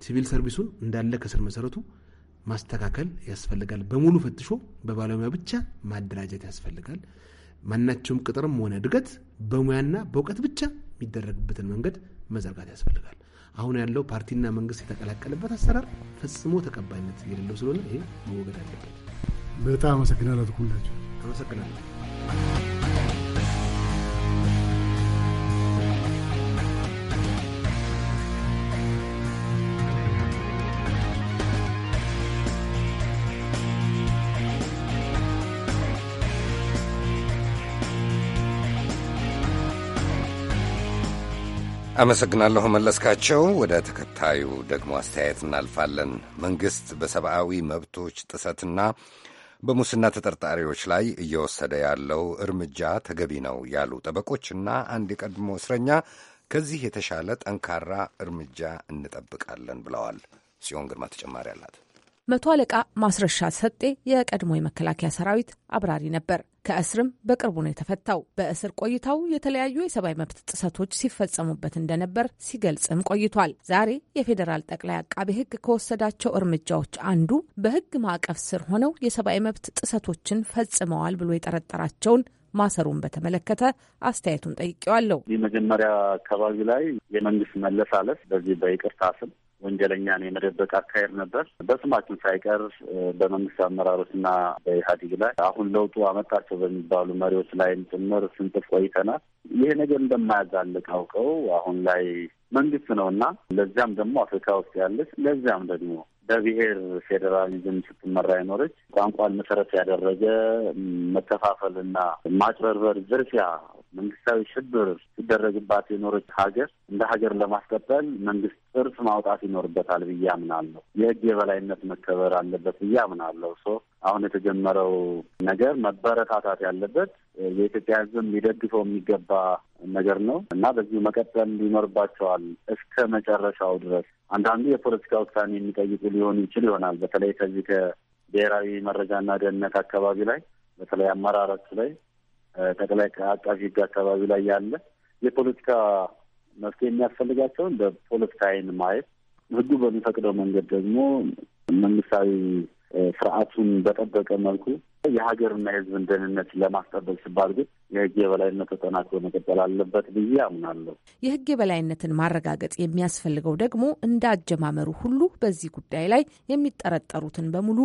ሲቪል ሰርቪሱን እንዳለ ከስር መሰረቱ ማስተካከል ያስፈልጋል። በሙሉ ፈትሾ በባለሙያ ብቻ ማደራጀት ያስፈልጋል። ማናቸውም ቅጥርም ሆነ እድገት በሙያና በእውቀት ብቻ የሚደረግበትን መንገድ መዘርጋት ያስፈልጋል። አሁን ያለው ፓርቲና መንግስት የተቀላቀለበት አሰራር ፈጽሞ ተቀባይነት የሌለው ስለሆነ ይሄ መወገድ አለበት። በጣም አመሰግናለሁ። ትኩላቸው አመሰግናለሁ። አመሰግናለሁ መለስካቸው። ወደ ተከታዩ ደግሞ አስተያየት እናልፋለን። መንግሥት በሰብአዊ መብቶች ጥሰትና በሙስና ተጠርጣሪዎች ላይ እየወሰደ ያለው እርምጃ ተገቢ ነው ያሉ ጠበቆችና አንድ የቀድሞ እስረኛ ከዚህ የተሻለ ጠንካራ እርምጃ እንጠብቃለን ብለዋል። ጽዮን ግርማ ተጨማሪ አላት። መቶ አለቃ ማስረሻ ሰጤ የቀድሞ የመከላከያ ሰራዊት አብራሪ ነበር። ከእስርም በቅርቡ ነው የተፈታው። በእስር ቆይታው የተለያዩ የሰብአዊ መብት ጥሰቶች ሲፈጸሙበት እንደነበር ሲገልጽም ቆይቷል። ዛሬ የፌዴራል ጠቅላይ አቃቤ ሕግ ከወሰዳቸው እርምጃዎች አንዱ በሕግ ማዕቀፍ ስር ሆነው የሰብአዊ መብት ጥሰቶችን ፈጽመዋል ብሎ የጠረጠራቸውን ማሰሩን በተመለከተ አስተያየቱን ጠይቄዋለሁ። የመጀመሪያ አካባቢ ላይ የመንግስት መለሳለስ በዚህ በይቅርታ ስም ወንጀለኛን የመደበቅ አካሄድ ነበር። በስማችን ሳይቀር በመንግስት አመራሮችና በኢህአዴግ ላይ አሁን ለውጡ አመጣቸው በሚባሉ መሪዎች ላይም ጭምር ስንጥፍ ቆይተናል። ይሄ ነገር እንደማያዛልቅ አውቀው አሁን ላይ መንግስት ነው እና ለዚያም ደግሞ አፍሪካ ውስጥ ያለች ለዚያም ደግሞ በብሔር ፌዴራሊዝም ስትመራ የኖረች ቋንቋን መሰረት ያደረገ መከፋፈልና ማጭበርበር፣ ዝርፊያ መንግስታዊ ሽብር ሲደረግባት የኖረች ሀገር እንደ ሀገር ለማስቀጠል መንግስት ጥርስ ማውጣት ይኖርበታል ብዬ አምናለሁ። የህግ የበላይነት መከበር አለበት ብዬ አምናለሁ። ሶ አሁን የተጀመረው ነገር መበረታታት ያለበት የኢትዮጵያ ህዝብም ሊደግፈው የሚገባ ነገር ነው እና በዚሁ መቀጠል ይኖርባቸዋል እስከ መጨረሻው ድረስ። አንዳንዱ የፖለቲካ ውሳኔ የሚጠይቁ ሊሆን ይችል ይሆናል በተለይ ከዚህ ከብሔራዊ መረጃና ደህንነት አካባቢ ላይ በተለይ አመራሮች ላይ ጠቅላይ አቃቢ ሕግ አካባቢ ላይ ያለ የፖለቲካ መፍትሄ የሚያስፈልጋቸውን በፖለቲካ አይን ማየት ህጉ በሚፈቅደው መንገድ ደግሞ መንግስታዊ ስርዓቱን በጠበቀ መልኩ የሀገርና የህዝብን ደህንነት ለማስጠበቅ ሲባል ግን የህግ የበላይነት ተጠናክሮ መቀጠል አለበት ብዬ አምናለሁ። የህግ የበላይነትን ማረጋገጥ የሚያስፈልገው ደግሞ እንደ አጀማመሩ ሁሉ በዚህ ጉዳይ ላይ የሚጠረጠሩትን በሙሉ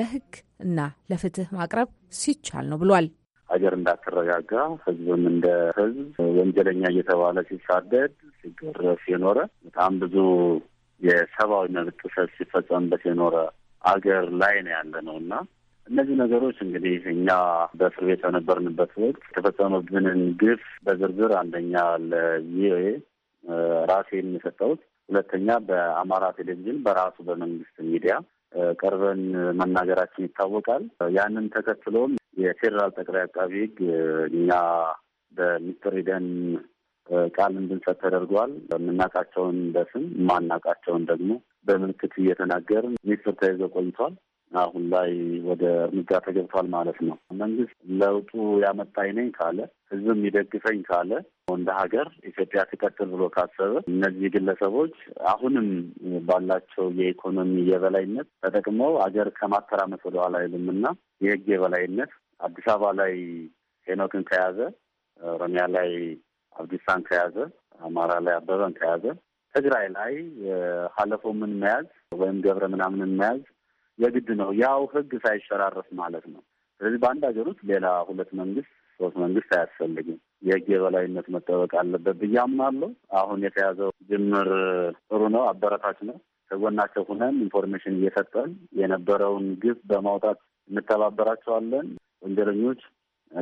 ለህግ እና ለፍትህ ማቅረብ ሲቻል ነው ብሏል። ሀገር እንዳትረጋጋ ህዝብም እንደ ህዝብ ወንጀለኛ እየተባለ ሲሳደድ ሲገረፍ የኖረ በጣም ብዙ የሰብአዊ መብት ጥሰት ሲፈጸምበት የኖረ አገር ላይ ነው ያለ ነው እና እነዚህ ነገሮች እንግዲህ እኛ በእስር ቤት በነበርንበት ወቅት የተፈጸመብንን ግፍ በዝርዝር አንደኛ ለቪኦኤ ራሴ የሚሰጠውት፣ ሁለተኛ በአማራ ቴሌቪዥን በራሱ በመንግስት ሚዲያ ቀርበን መናገራችን ይታወቃል። ያንን ተከትሎም የፌዴራል ጠቅላይ አቃቢ ህግ እኛ በሚስትር ሂደን ቃል እንድንሰጥ ተደርጓል። የምናውቃቸውን በስም የማናውቃቸውን ደግሞ በምልክት እየተናገር ሚኒስትር ተይዞ ቆይቷል። አሁን ላይ ወደ እርምጃ ተገብቷል ማለት ነው። መንግስት ለውጡ ያመጣኝ ነኝ ካለ፣ ህዝብም ይደግፈኝ ካለ፣ እንደ ሀገር ኢትዮጵያ ትቀጥል ብሎ ካሰበ እነዚህ ግለሰቦች አሁንም ባላቸው የኢኮኖሚ የበላይነት ተጠቅመው ሀገር ከማተራመስ ወደኋላ አይሉም እና የህግ የበላይነት አዲስ አበባ ላይ ሄኖክን ከያዘ፣ ኦሮሚያ ላይ አብዲሳን ከያዘ፣ አማራ ላይ አበበን ከያዘ፣ ትግራይ ላይ ሀለፎምን መያዝ ወይም ገብረ ምናምንን መያዝ የግድ ነው። ያው ህግ ሳይሸራረፍ ማለት ነው። ስለዚህ በአንድ ሀገር ውስጥ ሌላ ሁለት መንግስት ሶስት መንግስት አያስፈልግም። የህግ የበላይነት መጠበቅ አለበት ብዬ አሁን የተያዘው ጅምር ጥሩ ነው፣ አበረታች ነው። ከጎናቸው ሁነን ኢንፎርሜሽን እየሰጠን የነበረውን ግብ በማውጣት እንተባበራቸዋለን። ወንጀለኞች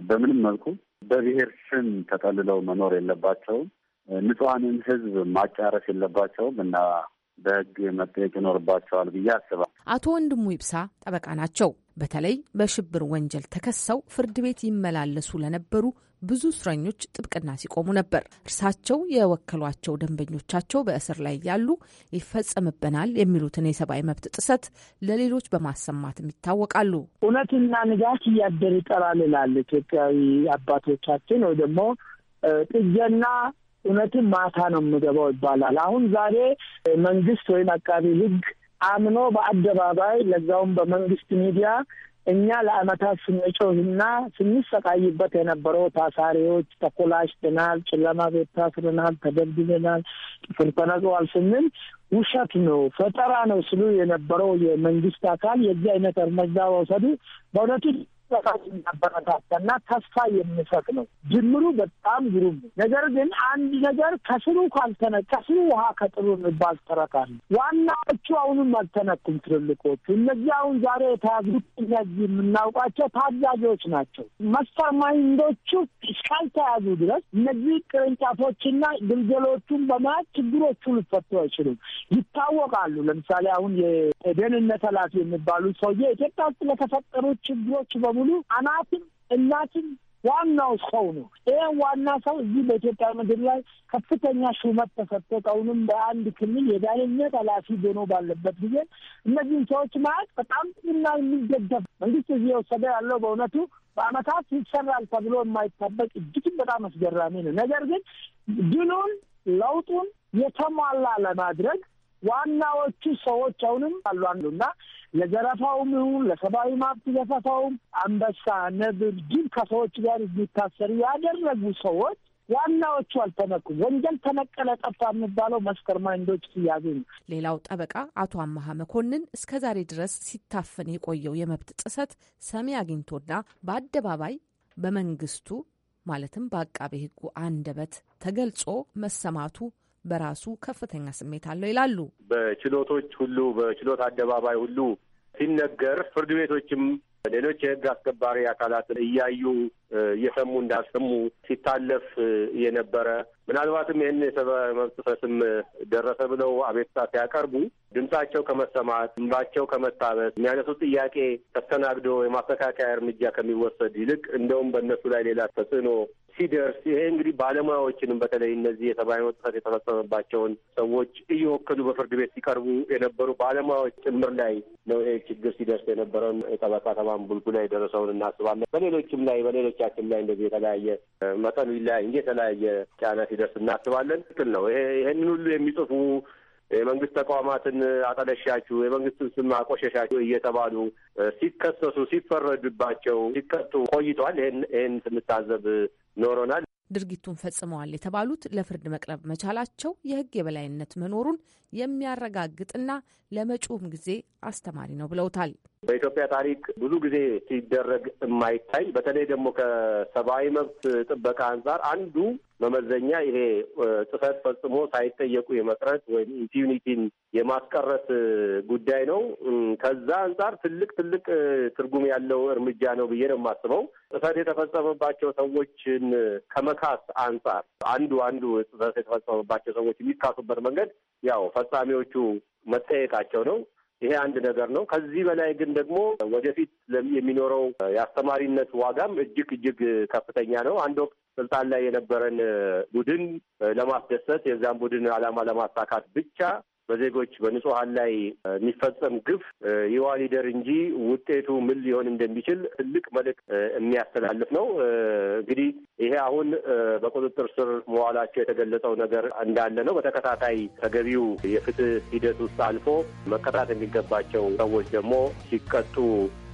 በምንም መልኩ በብሔር ስም ተጠልለው መኖር የለባቸውም። ንጹሐንን ህዝብ ማጫረስ የለባቸውም እና በህግ መጠየቅ ይኖርባቸዋል ብዬ አስባል። አቶ ወንድሙ ይብሳ ጠበቃ ናቸው። በተለይ በሽብር ወንጀል ተከሰው ፍርድ ቤት ይመላለሱ ለነበሩ ብዙ እስረኞች ጥብቅና ሲቆሙ ነበር። እርሳቸው የወከሏቸው ደንበኞቻቸው በእስር ላይ ያሉ ይፈጸምብናል የሚሉትን የሰብአዊ መብት ጥሰት ለሌሎች በማሰማትም ይታወቃሉ። እውነትና ንጋት እያደር ይጠራል ይላል ኢትዮጵያዊ አባቶቻችን። ወይ ደግሞ ጥጀና እውነትን ማታ ነው የምገባው ይባላል። አሁን ዛሬ መንግስት ወይም አቃቢ ህግ አምኖ በአደባባይ ለዛውም በመንግስት ሚዲያ እኛ ለአመታት ስንጮህና ስንሰቃይበት የነበረው ታሳሪዎች ተኮላሽተናል፣ ጨለማ ቤት ታስረናል፣ ተደብድበናል፣ ጥፍር ተነቅሏል ስንል ውሸት ነው፣ ፈጠራ ነው ስሉ የነበረው የመንግስት አካል የዚህ አይነት እርምጃ መውሰዱ በእውነቱ በጣም የሚያበረታታና ተስፋ የሚሰጥ ነው። ጅምሩ በጣም ግሩም ነው። ነገር ግን አንድ ነገር ከስሩ ካልተነ ከስሩ ውሃ ከጥሩ የሚባል ተረካል ዋናዎቹ አሁንም አልተነኩም። ትልልቆቹ እነዚህ አሁን ዛሬ የተያዙት እነዚህ የምናውቃቸው ታዛዦች ናቸው። መስተር ማይንዶቹ እስካልተያዙ ድረስ እነዚህ ቅርንጫፎችና ግልገሎቹን በመያዝ ችግሮቹ ሊፈቱ አይችሉም። ይታወቃሉ። ለምሳሌ አሁን የደህንነት ኃላፊ የሚባሉት ሰውዬ ኢትዮጵያ ውስጥ ለተፈጠሩ ችግሮች በሙ በሙሉ አናትም እናትም ዋናው ሰው ነው። ይህም ዋና ሰው እዚህ በኢትዮጵያ ምድር ላይ ከፍተኛ ሹመት ተሰጥቶት አሁንም በአንድ ክልል የዳኝነት ኃላፊ ሆኖ ባለበት ጊዜ እነዚህን ሰዎች ማለት በጣም ጥቅምና የሚገደፍ መንግስት እዚህ የወሰደ ያለው በእውነቱ በአመታት ይሰራል ተብሎ የማይጠበቅ እጅግም በጣም አስገራሚ ነው። ነገር ግን ድሉን ለውጡን የተሟላ ለማድረግ ዋናዎቹ ሰዎች አሁንም አሉ አሉና ለዘረፋውም ይሁን ለሰብአዊ መብት ዘፈፋውም አንበሳ፣ ነብር፣ ጅብ ከሰዎች ጋር እንዲታሰሩ ያደረጉ ሰዎች ዋናዎቹ አልተነኩም። ወንጀል ተነቀለ ጠፋ የሚባለው ማስተር ማይንዶች ሲያዙ ነው። ሌላው ጠበቃ አቶ አመሀ መኮንን እስከ ዛሬ ድረስ ሲታፈን የቆየው የመብት ጥሰት ሰሚ አግኝቶና በአደባባይ በመንግስቱ ማለትም በአቃቤ ሕጉ አንደበት ተገልጾ መሰማቱ በራሱ ከፍተኛ ስሜት አለው ይላሉ። በችሎቶች ሁሉ በችሎት አደባባይ ሁሉ ሲነገር ፍርድ ቤቶችም ሌሎች የህግ አስከባሪ አካላትን እያዩ እየሰሙ እንዳልሰሙ ሲታለፍ የነበረ ምናልባትም ይህን የሰብአዊ መብት ጥሰትም ደረሰ ብለው አቤቱታ ሲያቀርቡ ድምጻቸው ከመሰማት እንባቸው ከመታበስ የሚያነሱ ጥያቄ ተስተናግዶ የማስተካከያ እርምጃ ከሚወሰድ ይልቅ እንደውም በእነሱ ላይ ሌላ ተጽዕኖ ሲደርስ ይሄ እንግዲህ ባለሙያዎችንም በተለይ እነዚህ የሰብአዊ ጥሰት የተፈጸመባቸውን ሰዎች እየወከሉ በፍርድ ቤት ሲቀርቡ የነበሩ ባለሙያዎች ጭምር ላይ ነው ይሄ ችግር ሲደርስ የነበረውን የጠበቃ ተማም ቡልጉ ላይ የደረሰውን እናስባለን። በሌሎችም ላይ በሌሎቻችን ላይ እንደዚህ የተለያየ መጠኑ ላይ እንጂ የተለያየ ጫና ሲደርስ እናስባለን። ትክክል ነው። ይሄ ይህንን ሁሉ የሚጽፉ የመንግስት ተቋማትን አጠለሻችሁ፣ የመንግስትን ስም አቆሸሻችሁ እየተባሉ ሲከሰሱ ሲፈረድባቸው ሲቀጡ ቆይተዋል። ይህን ይህን ስንታዘብ ኖሮናል። ድርጊቱን ፈጽመዋል የተባሉት ለፍርድ መቅረብ መቻላቸው የሕግ የበላይነት መኖሩን የሚያረጋግጥና ለመጪውም ጊዜ አስተማሪ ነው ብለውታል። በኢትዮጵያ ታሪክ ብዙ ጊዜ ሲደረግ የማይታይ በተለይ ደግሞ ከሰብአዊ መብት ጥበቃ አንጻር አንዱ መመዘኛ ይሄ ጥሰት ፈጽሞ ሳይጠየቁ የመቅረት ወይም ኢምፒዩኒቲን የማስቀረት ጉዳይ ነው። ከዛ አንጻር ትልቅ ትልቅ ትርጉም ያለው እርምጃ ነው ብዬ ነው የማስበው። ጥሰት የተፈጸመባቸው ሰዎችን ከመካስ አንጻር አንዱ አንዱ ጥሰት የተፈጸመባቸው ሰዎች የሚካሱበት መንገድ ያው ፈጻሚዎቹ መጠየቃቸው ነው። ይሄ አንድ ነገር ነው። ከዚህ በላይ ግን ደግሞ ወደፊት የሚኖረው የአስተማሪነት ዋጋም እጅግ እጅግ ከፍተኛ ነው። አንድ ወቅት ስልጣን ላይ የነበረን ቡድን ለማስደሰት የዛን ቡድን ዓላማ ለማሳካት ብቻ በዜጎች በንጹሀን ላይ የሚፈጸም ግፍ ይዋ ሊደር እንጂ ውጤቱ ምን ሊሆን እንደሚችል ትልቅ መልእክት የሚያስተላልፍ ነው። እንግዲህ ይሄ አሁን በቁጥጥር ስር መዋላቸው የተገለጸው ነገር እንዳለ ነው። በተከታታይ ተገቢው የፍትህ ሂደት ውስጥ አልፎ መቀጣት የሚገባቸው ሰዎች ደግሞ ሲቀጡ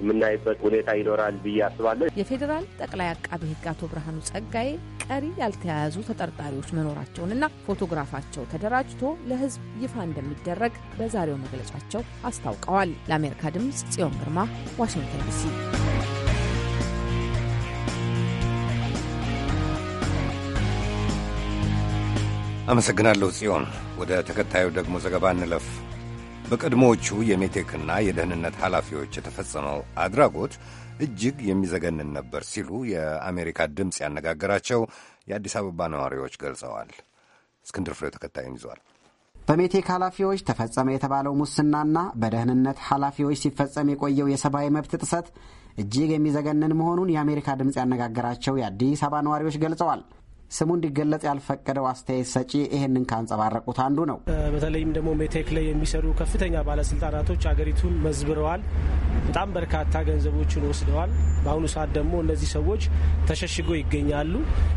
የምናይበት ሁኔታ ይኖራል ብዬ አስባለሁ። የፌዴራል ጠቅላይ አቃቢ ህግ አቶ ብርሃኑ ጸጋዬ ቀሪ ያልተያያዙ ተጠርጣሪዎች መኖራቸውንና ፎቶግራፋቸው ተደራጅቶ ለህዝብ ይፋ እንደሚደረግ በዛሬው መግለጫቸው አስታውቀዋል። ለአሜሪካ ድምፅ ጽዮን ግርማ ዋሽንግተን ዲሲ። አመሰግናለሁ ጽዮን። ወደ ተከታዩ ደግሞ ዘገባ እንለፍ። በቀድሞዎቹ የሜቴክና የደህንነት ኃላፊዎች የተፈጸመው አድራጎት እጅግ የሚዘገንን ነበር ሲሉ የአሜሪካ ድምፅ ያነጋገራቸው የአዲስ አበባ ነዋሪዎች ገልጸዋል። እስክንድር ፍሬው ተከታዩን ይዟል። በሜቴክ ኃላፊዎች ተፈጸመ የተባለው ሙስናና በደህንነት ኃላፊዎች ሲፈጸም የቆየው የሰብአዊ መብት ጥሰት እጅግ የሚዘገንን መሆኑን የአሜሪካ ድምፅ ያነጋገራቸው የአዲስ አበባ ነዋሪዎች ገልጸዋል። ስሙ እንዲገለጽ ያልፈቀደው አስተያየት ሰጪ ይህንን ካንጸባረቁት አንዱ ነው። በተለይም ደግሞ ሜቴክ ላይ የሚሰሩ ከፍተኛ ባለስልጣናቶች አገሪቱን መዝብረዋል። በጣም በርካታ ገንዘቦችን ወስደዋል። በአሁኑ ሰዓት ደግሞ እነዚህ ሰዎች ተሸሽጎ ይገኛሉ።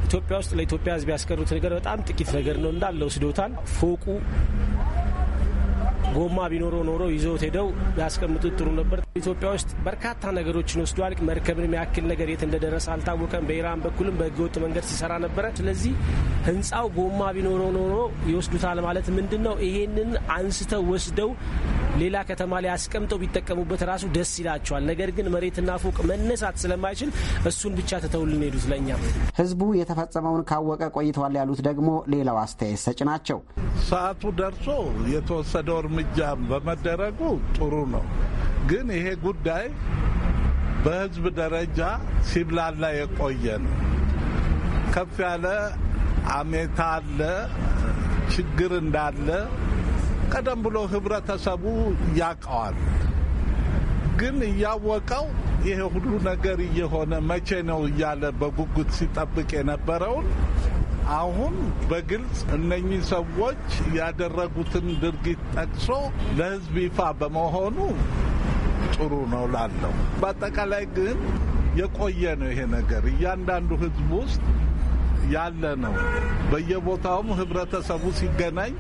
ኢትዮጵያ ውስጥ ለኢትዮጵያ ሕዝብ ያስቀሩት ነገር በጣም ጥቂት ነገር ነው። እንዳለ ወስዶታል። ፎቁ ጎማ ቢኖሮ ኖሮ ይዘውት ሄደው ያስቀምጡት ጥሩ ነበር። ኢትዮጵያ ውስጥ በርካታ ነገሮችን ወስዷል። መርከብንም ያክል ነገር የት እንደደረሰ አልታወቀም። በኢራን በኩልም በህገወጥ መንገድ ሲሰራ ነበረ። ስለዚህ ህንፃው ጎማ ቢኖሮ ኖሮ ይወስዱታል ማለት ምንድን ነው? ይሄንን አንስተው ወስደው ሌላ ከተማ ላይ አስቀምጠው ቢጠቀሙበት ራሱ ደስ ይላቸዋል። ነገር ግን መሬትና ፎቅ መነሳት ስለማይችል እሱን ብቻ ተተውልን ሄዱት። ለእኛ ህዝቡ የተፈጸመውን ካወቀ ቆይተዋል ያሉት ደግሞ ሌላው አስተያየት ሰጭ ናቸው። ሰዓቱ ደርሶ የተወሰደው እርምጃ በመደረጉ ጥሩ ነው። ግን ይሄ ጉዳይ በህዝብ ደረጃ ሲብላላ የቆየ ነው። ከፍ ያለ አሜታ አለ፣ ችግር እንዳለ ቀደም ብሎ ህብረተሰቡ ያቀዋል። ግን እያወቀው ይሄ ሁሉ ነገር እየሆነ መቼ ነው እያለ በጉጉት ሲጠብቅ የነበረውን አሁን በግልጽ እነኚህ ሰዎች ያደረጉትን ድርጊት ጠቅሶ ለህዝብ ይፋ በመሆኑ ጥሩ ነው ላለው። በአጠቃላይ ግን የቆየ ነው ይሄ ነገር እያንዳንዱ ህዝብ ውስጥ ያለ ነው። በየቦታውም ህብረተሰቡ ሲገናኝ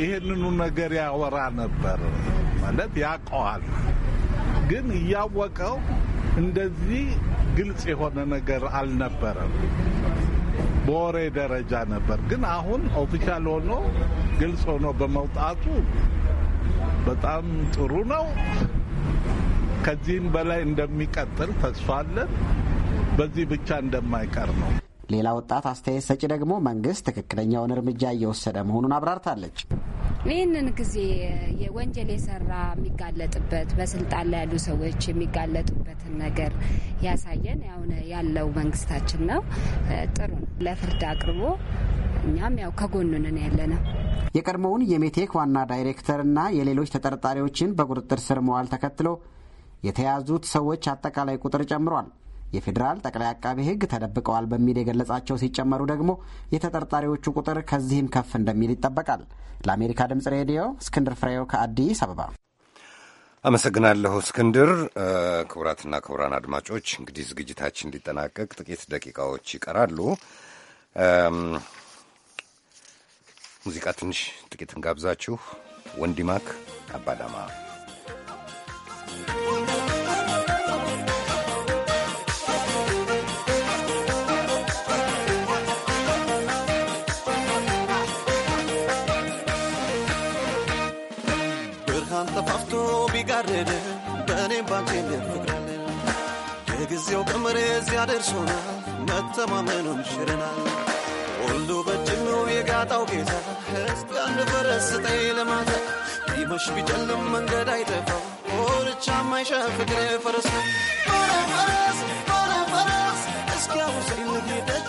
ይህንኑ ነገር ያወራ ነበር ማለት ያውቀዋል። ግን እያወቀው እንደዚህ ግልጽ የሆነ ነገር አልነበረም። በወሬ ደረጃ ነበር። ግን አሁን ኦፊሻል ሆኖ ግልጽ ሆኖ በመውጣቱ በጣም ጥሩ ነው። ከዚህም በላይ እንደሚቀጥል ተስፋ አለን። በዚህ ብቻ እንደማይቀር ነው። ሌላ ወጣት አስተያየት ሰጪ ደግሞ መንግስት ትክክለኛውን እርምጃ እየወሰደ መሆኑን አብራርታለች። ይህንን ጊዜ የወንጀል የሰራ የሚጋለጥበት በስልጣን ላይ ያሉ ሰዎች የሚጋለጡበትን ነገር ያሳየን ያሁን ያለው መንግስታችን ነው። ጥሩ ነው። ለፍርድ አቅርቦ እኛም ያው ከጎኑንን ያለ ነው። የቀድሞውን የሜቴክ ዋና ዳይሬክተርና የሌሎች ተጠርጣሪዎችን በቁጥጥር ስር መዋል ተከትሎ የተያዙት ሰዎች አጠቃላይ ቁጥር ጨምሯል። የፌዴራል ጠቅላይ አቃቤ ሕግ ተደብቀዋል በሚል የገለጻቸው ሲጨመሩ ደግሞ የተጠርጣሪዎቹ ቁጥር ከዚህም ከፍ እንደሚል ይጠበቃል። ለአሜሪካ ድምጽ ሬዲዮ እስክንድር ፍሬው ከአዲስ አበባ አመሰግናለሁ እስክንድር። ክቡራትና ክቡራን አድማጮች እንግዲህ ዝግጅታችን ሊጠናቀቅ ጥቂት ደቂቃዎች ይቀራሉ። ሙዚቃ ትንሽ ጥቂት እንጋብዛችሁ። ወንዲማክ አባዳማ ወሬ ሲያደርሱናል መተማመኑን ሽረናል ሁሉ በእጅ ነው የጋጣው ጌታ እስቲ ፈረስ ስጠኝ ለማታ ቢመሽ ቢጨልም መንገድ አይጠፋው ሆርቻ ማይሻ ፍቅር ፈረስ ፈረስ ፈረስ እስኪ አውሰኝ ልጌ ደጅ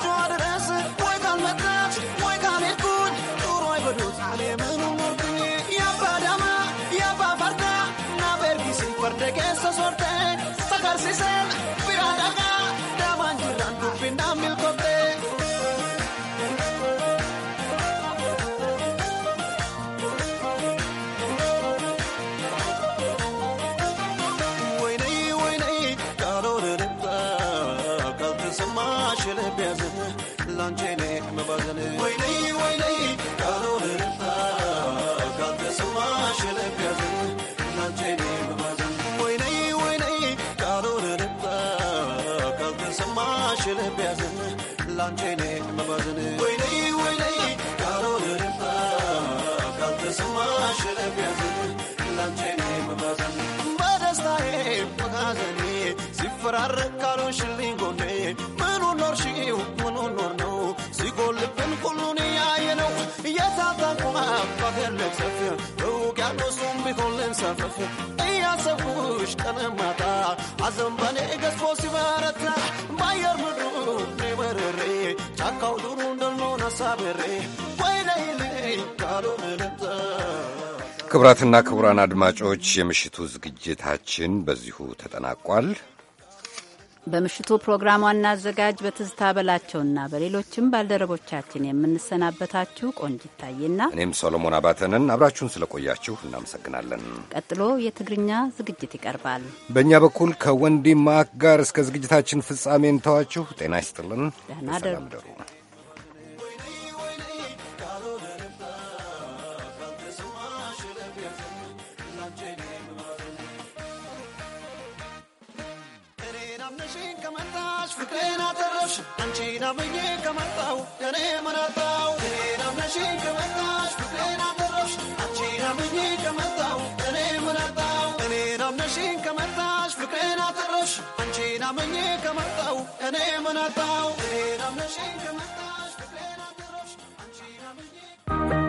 አንቺ ልብ ያዘን መባዘን ወይነይ ወይነይ ካልሆንልታ ካልተሰማሽ ልብ ያዘን ላንቺ ኔ መባዘን ወይነይ ወይነይ ካልሆንልታ ካልተሰማሽ ልብ ያዘን ላንቺ መባዘን ወይነይ ወይነይ ካልሆንልታ ካልተሰማሽ ልብ በደስታዬ በሐዘኔ ሲፈራረቅ ካልሆንሽልኝ ሰፊን እውቅያኖሱም ቢሆንን ሰፈፊን እያሰብኩሽ ቀንማታ አዘንበኔ ገዝፎ ሲበረታ ምድሩ ጫካው ዱሩ ክቡራትና ክቡራን አድማጮች የምሽቱ ዝግጅታችን በዚሁ ተጠናቋል። በምሽቱ ፕሮግራም ዋና አዘጋጅ በትዝታ በላቸውና በሌሎችም ባልደረቦቻችን የምንሰናበታችሁ ቆንጅ ይታይና እኔም ሶሎሞን አባተንን አብራችሁን ስለቆያችሁ እናመሰግናለን። ቀጥሎ የትግርኛ ዝግጅት ይቀርባል። በእኛ በኩል ከወንዲ ማክ ጋር እስከ ዝግጅታችን ፍጻሜ እንተዋችሁ። ጤና ይስጥልን። ደህና ደሩ። ፍቅሬን አተረፍሽ አንቺ ናምኜ ከመጣው የኔ መናጣው እኔ ናምነሽ ከመጣሽ ፍቅሬን አተረፍሽ አንቺ ናምኜ ከመጣው የኔ መናጣው እኔ ናምነሽ ከመጣሽ ፍቅሬን አተረፍሽ አንቺ ናምኜ ከመጣው የኔ መናጣው እኔ ከመጣሽ ፍቅሬን አተረፍሽ አንቺ ናምኜ